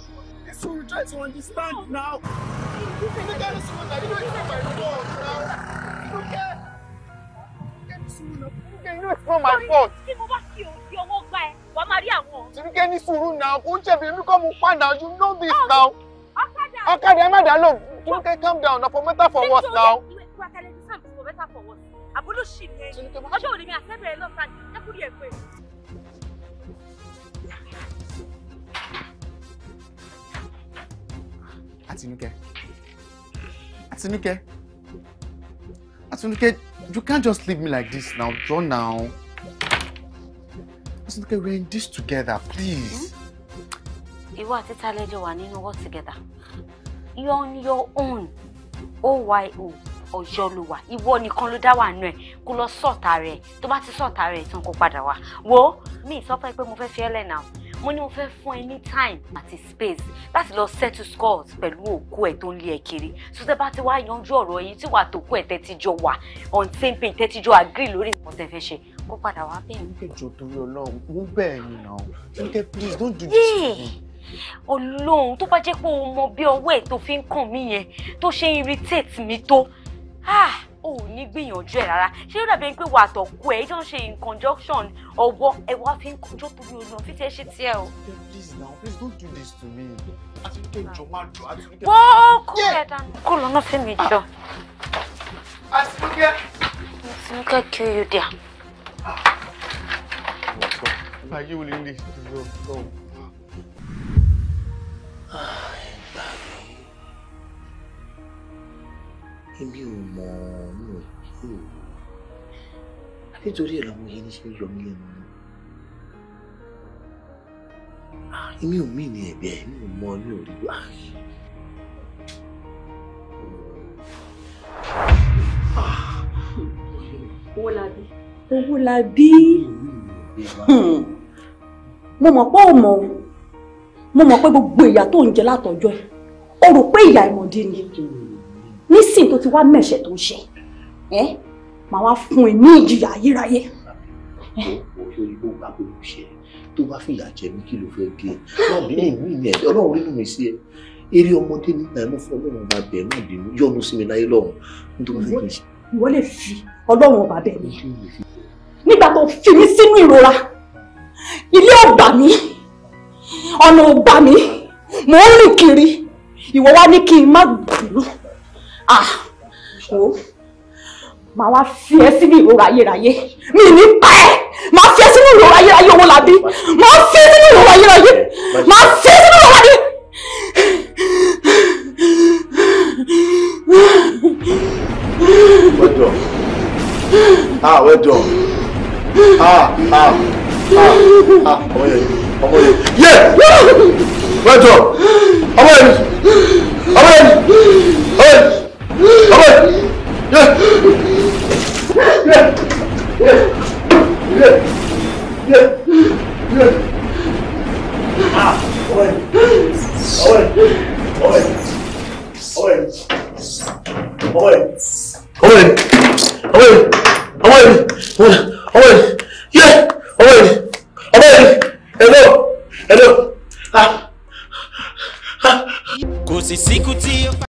Speaker 3: So we try to understand now. If you look at this woman, you know it's not my fault now. Look at Tinuke, you know it's not my fault. Tí mo bá kí o, fi ọwọ́ gbá ẹ, wàá máa rí àwọn. Tinuke ní
Speaker 2: sùúrù náà, kò ń jẹ̀bi èmi kọ́ mu padà, you know this now.
Speaker 3: Ọ̀kadà. Ọ̀kadà ẹ má dá lóhùn.
Speaker 2: Tinuke calm down, na for better for worse now.
Speaker 3: Tinuke, àbúrò ṣì ní ẹ. Ọjọ́ òní mi àtẹ́bẹ̀rẹ̀ lọ́sàn-án, ẹ kúrò ẹ̀ pé.
Speaker 2: Atinuke, Atinuke, Atinuke. you can't just leave me like this now. Draw now. Atinuke, we're in this together, please. Mm-hmm.
Speaker 3: Ìwọ àti Tálẹ́jọ wà nínú work together. You're on your own. OYO ọjọ́ ló wà ìwọ nìkan ló dá wà nù ẹ̀ kó lọ sọ̀tà rẹ̀ tó bá ti sọ̀tà rẹ̀ tán kó padà wá. Wo mi ìsọfẹ́ pé mo fẹ́ fi ẹ́ lẹ̀ náà mo ní mo fẹ́ fún ẹ ní time àti space láti lọ settle scores pẹ̀lú òkú ẹ̀ tó ń lé ẹ kiri so tẹ́ bá ti wá yanjú ọ̀rọ̀ yìí tí wàá tókù ẹ̀ tẹ́tí jọ wà on same page tẹ́tí jọ agree lórí nǹkan tẹ́ fẹ́ ṣe kó padà wá bẹ́ẹ̀. mo
Speaker 2: bẹ̀jọ torí ọlọ́run mo bẹ́ẹ̀ ni nà ó Fúnkẹ́ please don't do
Speaker 3: this to me. ọlọ́run tó bá jẹ́ pé o mọ bí ọwọ́ ẹ̀ tó fi ń kàn mí yẹn tó ṣe irritate mi tó ah ò ní gbìyànjú ẹ̀ rárá ṣé ó dàbí pé wàá tọ̀kú ẹ̀ jọ ń ṣe in conjunction ọwọ́ ẹ wá fi ń kọjọ́ torí olú ọ̀fi tẹ́ ṣe tiẹ̀ o.
Speaker 2: please now please don't do this to me àti wípé ìjọ máa jọ àti wípé. wọ́n
Speaker 3: kú ẹ̀ dànù kó lọ́nà fẹ́mi jọ. àti wípé. àti wípé kí o yóò dà. ayé olè ń lè ṣe ìjọba.
Speaker 2: èmi ò mọ̀ mi ò kí o nítorí ẹ̀ làwọn yẹn ṣe ń yọ mí lẹ́nu ni ah, èmi ò mí ní ẹ̀bẹ̀ mi ò mọ̀ mi ò rí wá.
Speaker 3: Ah. owó la bí. owó la bí. mo mọ̀ pé ò mọ̀ o mo mọ̀ pé gbogbo ìyà tó ń jẹ látọjọ́ ẹ̀ o rò pé ìyà ìmọ̀dé ni nísìn tó ti wá mẹ̀ṣẹ̀ tó ń ṣe ẹ́ màá wá fún ẹ ní ìjìyà ayérayé.
Speaker 2: orí òyìnbó gbà pé mo ṣe tó bá fìyà jẹ mí kí ló fẹ́ gé ọlọ́run nínú ìlú ìyẹn ọlọ́run nínú mi sí ẹ eré ọmọdé nígbà ẹ mú fún ọlọ́run ọba bẹ̀ẹ́ náà bínú yọnu sí mi láyé lọ́run nítorí fẹ́ kí n ṣe.
Speaker 3: ìwọ lè fi ọlọ́run ọba bẹ̀ mí nígbà tó fi mí sínú ìrora ilé ò gbà mí ọ̀nà ò gbà mí mò ń rìn kiri ìwọ wá ní kí n má gbà mí ah wo màá wá fi ẹ́ sínú ìrora ayérayé mi ní pa ẹ́ màá fi ẹ́ sínú ìrora ayérayé owó làbí màá fi ẹ́ sínú ìrora ayérayé màá fi ẹ́ sínú ìrora ayérayé.
Speaker 2: Well Ah, well Ah, ah, ah, ah, ọmọ yẹn, ọmọ yẹn. Yeah! Well done. Ọmọ yẹn, ọmọ yẹn, ọmọ yẹn
Speaker 1: kò sì síkú tí ó.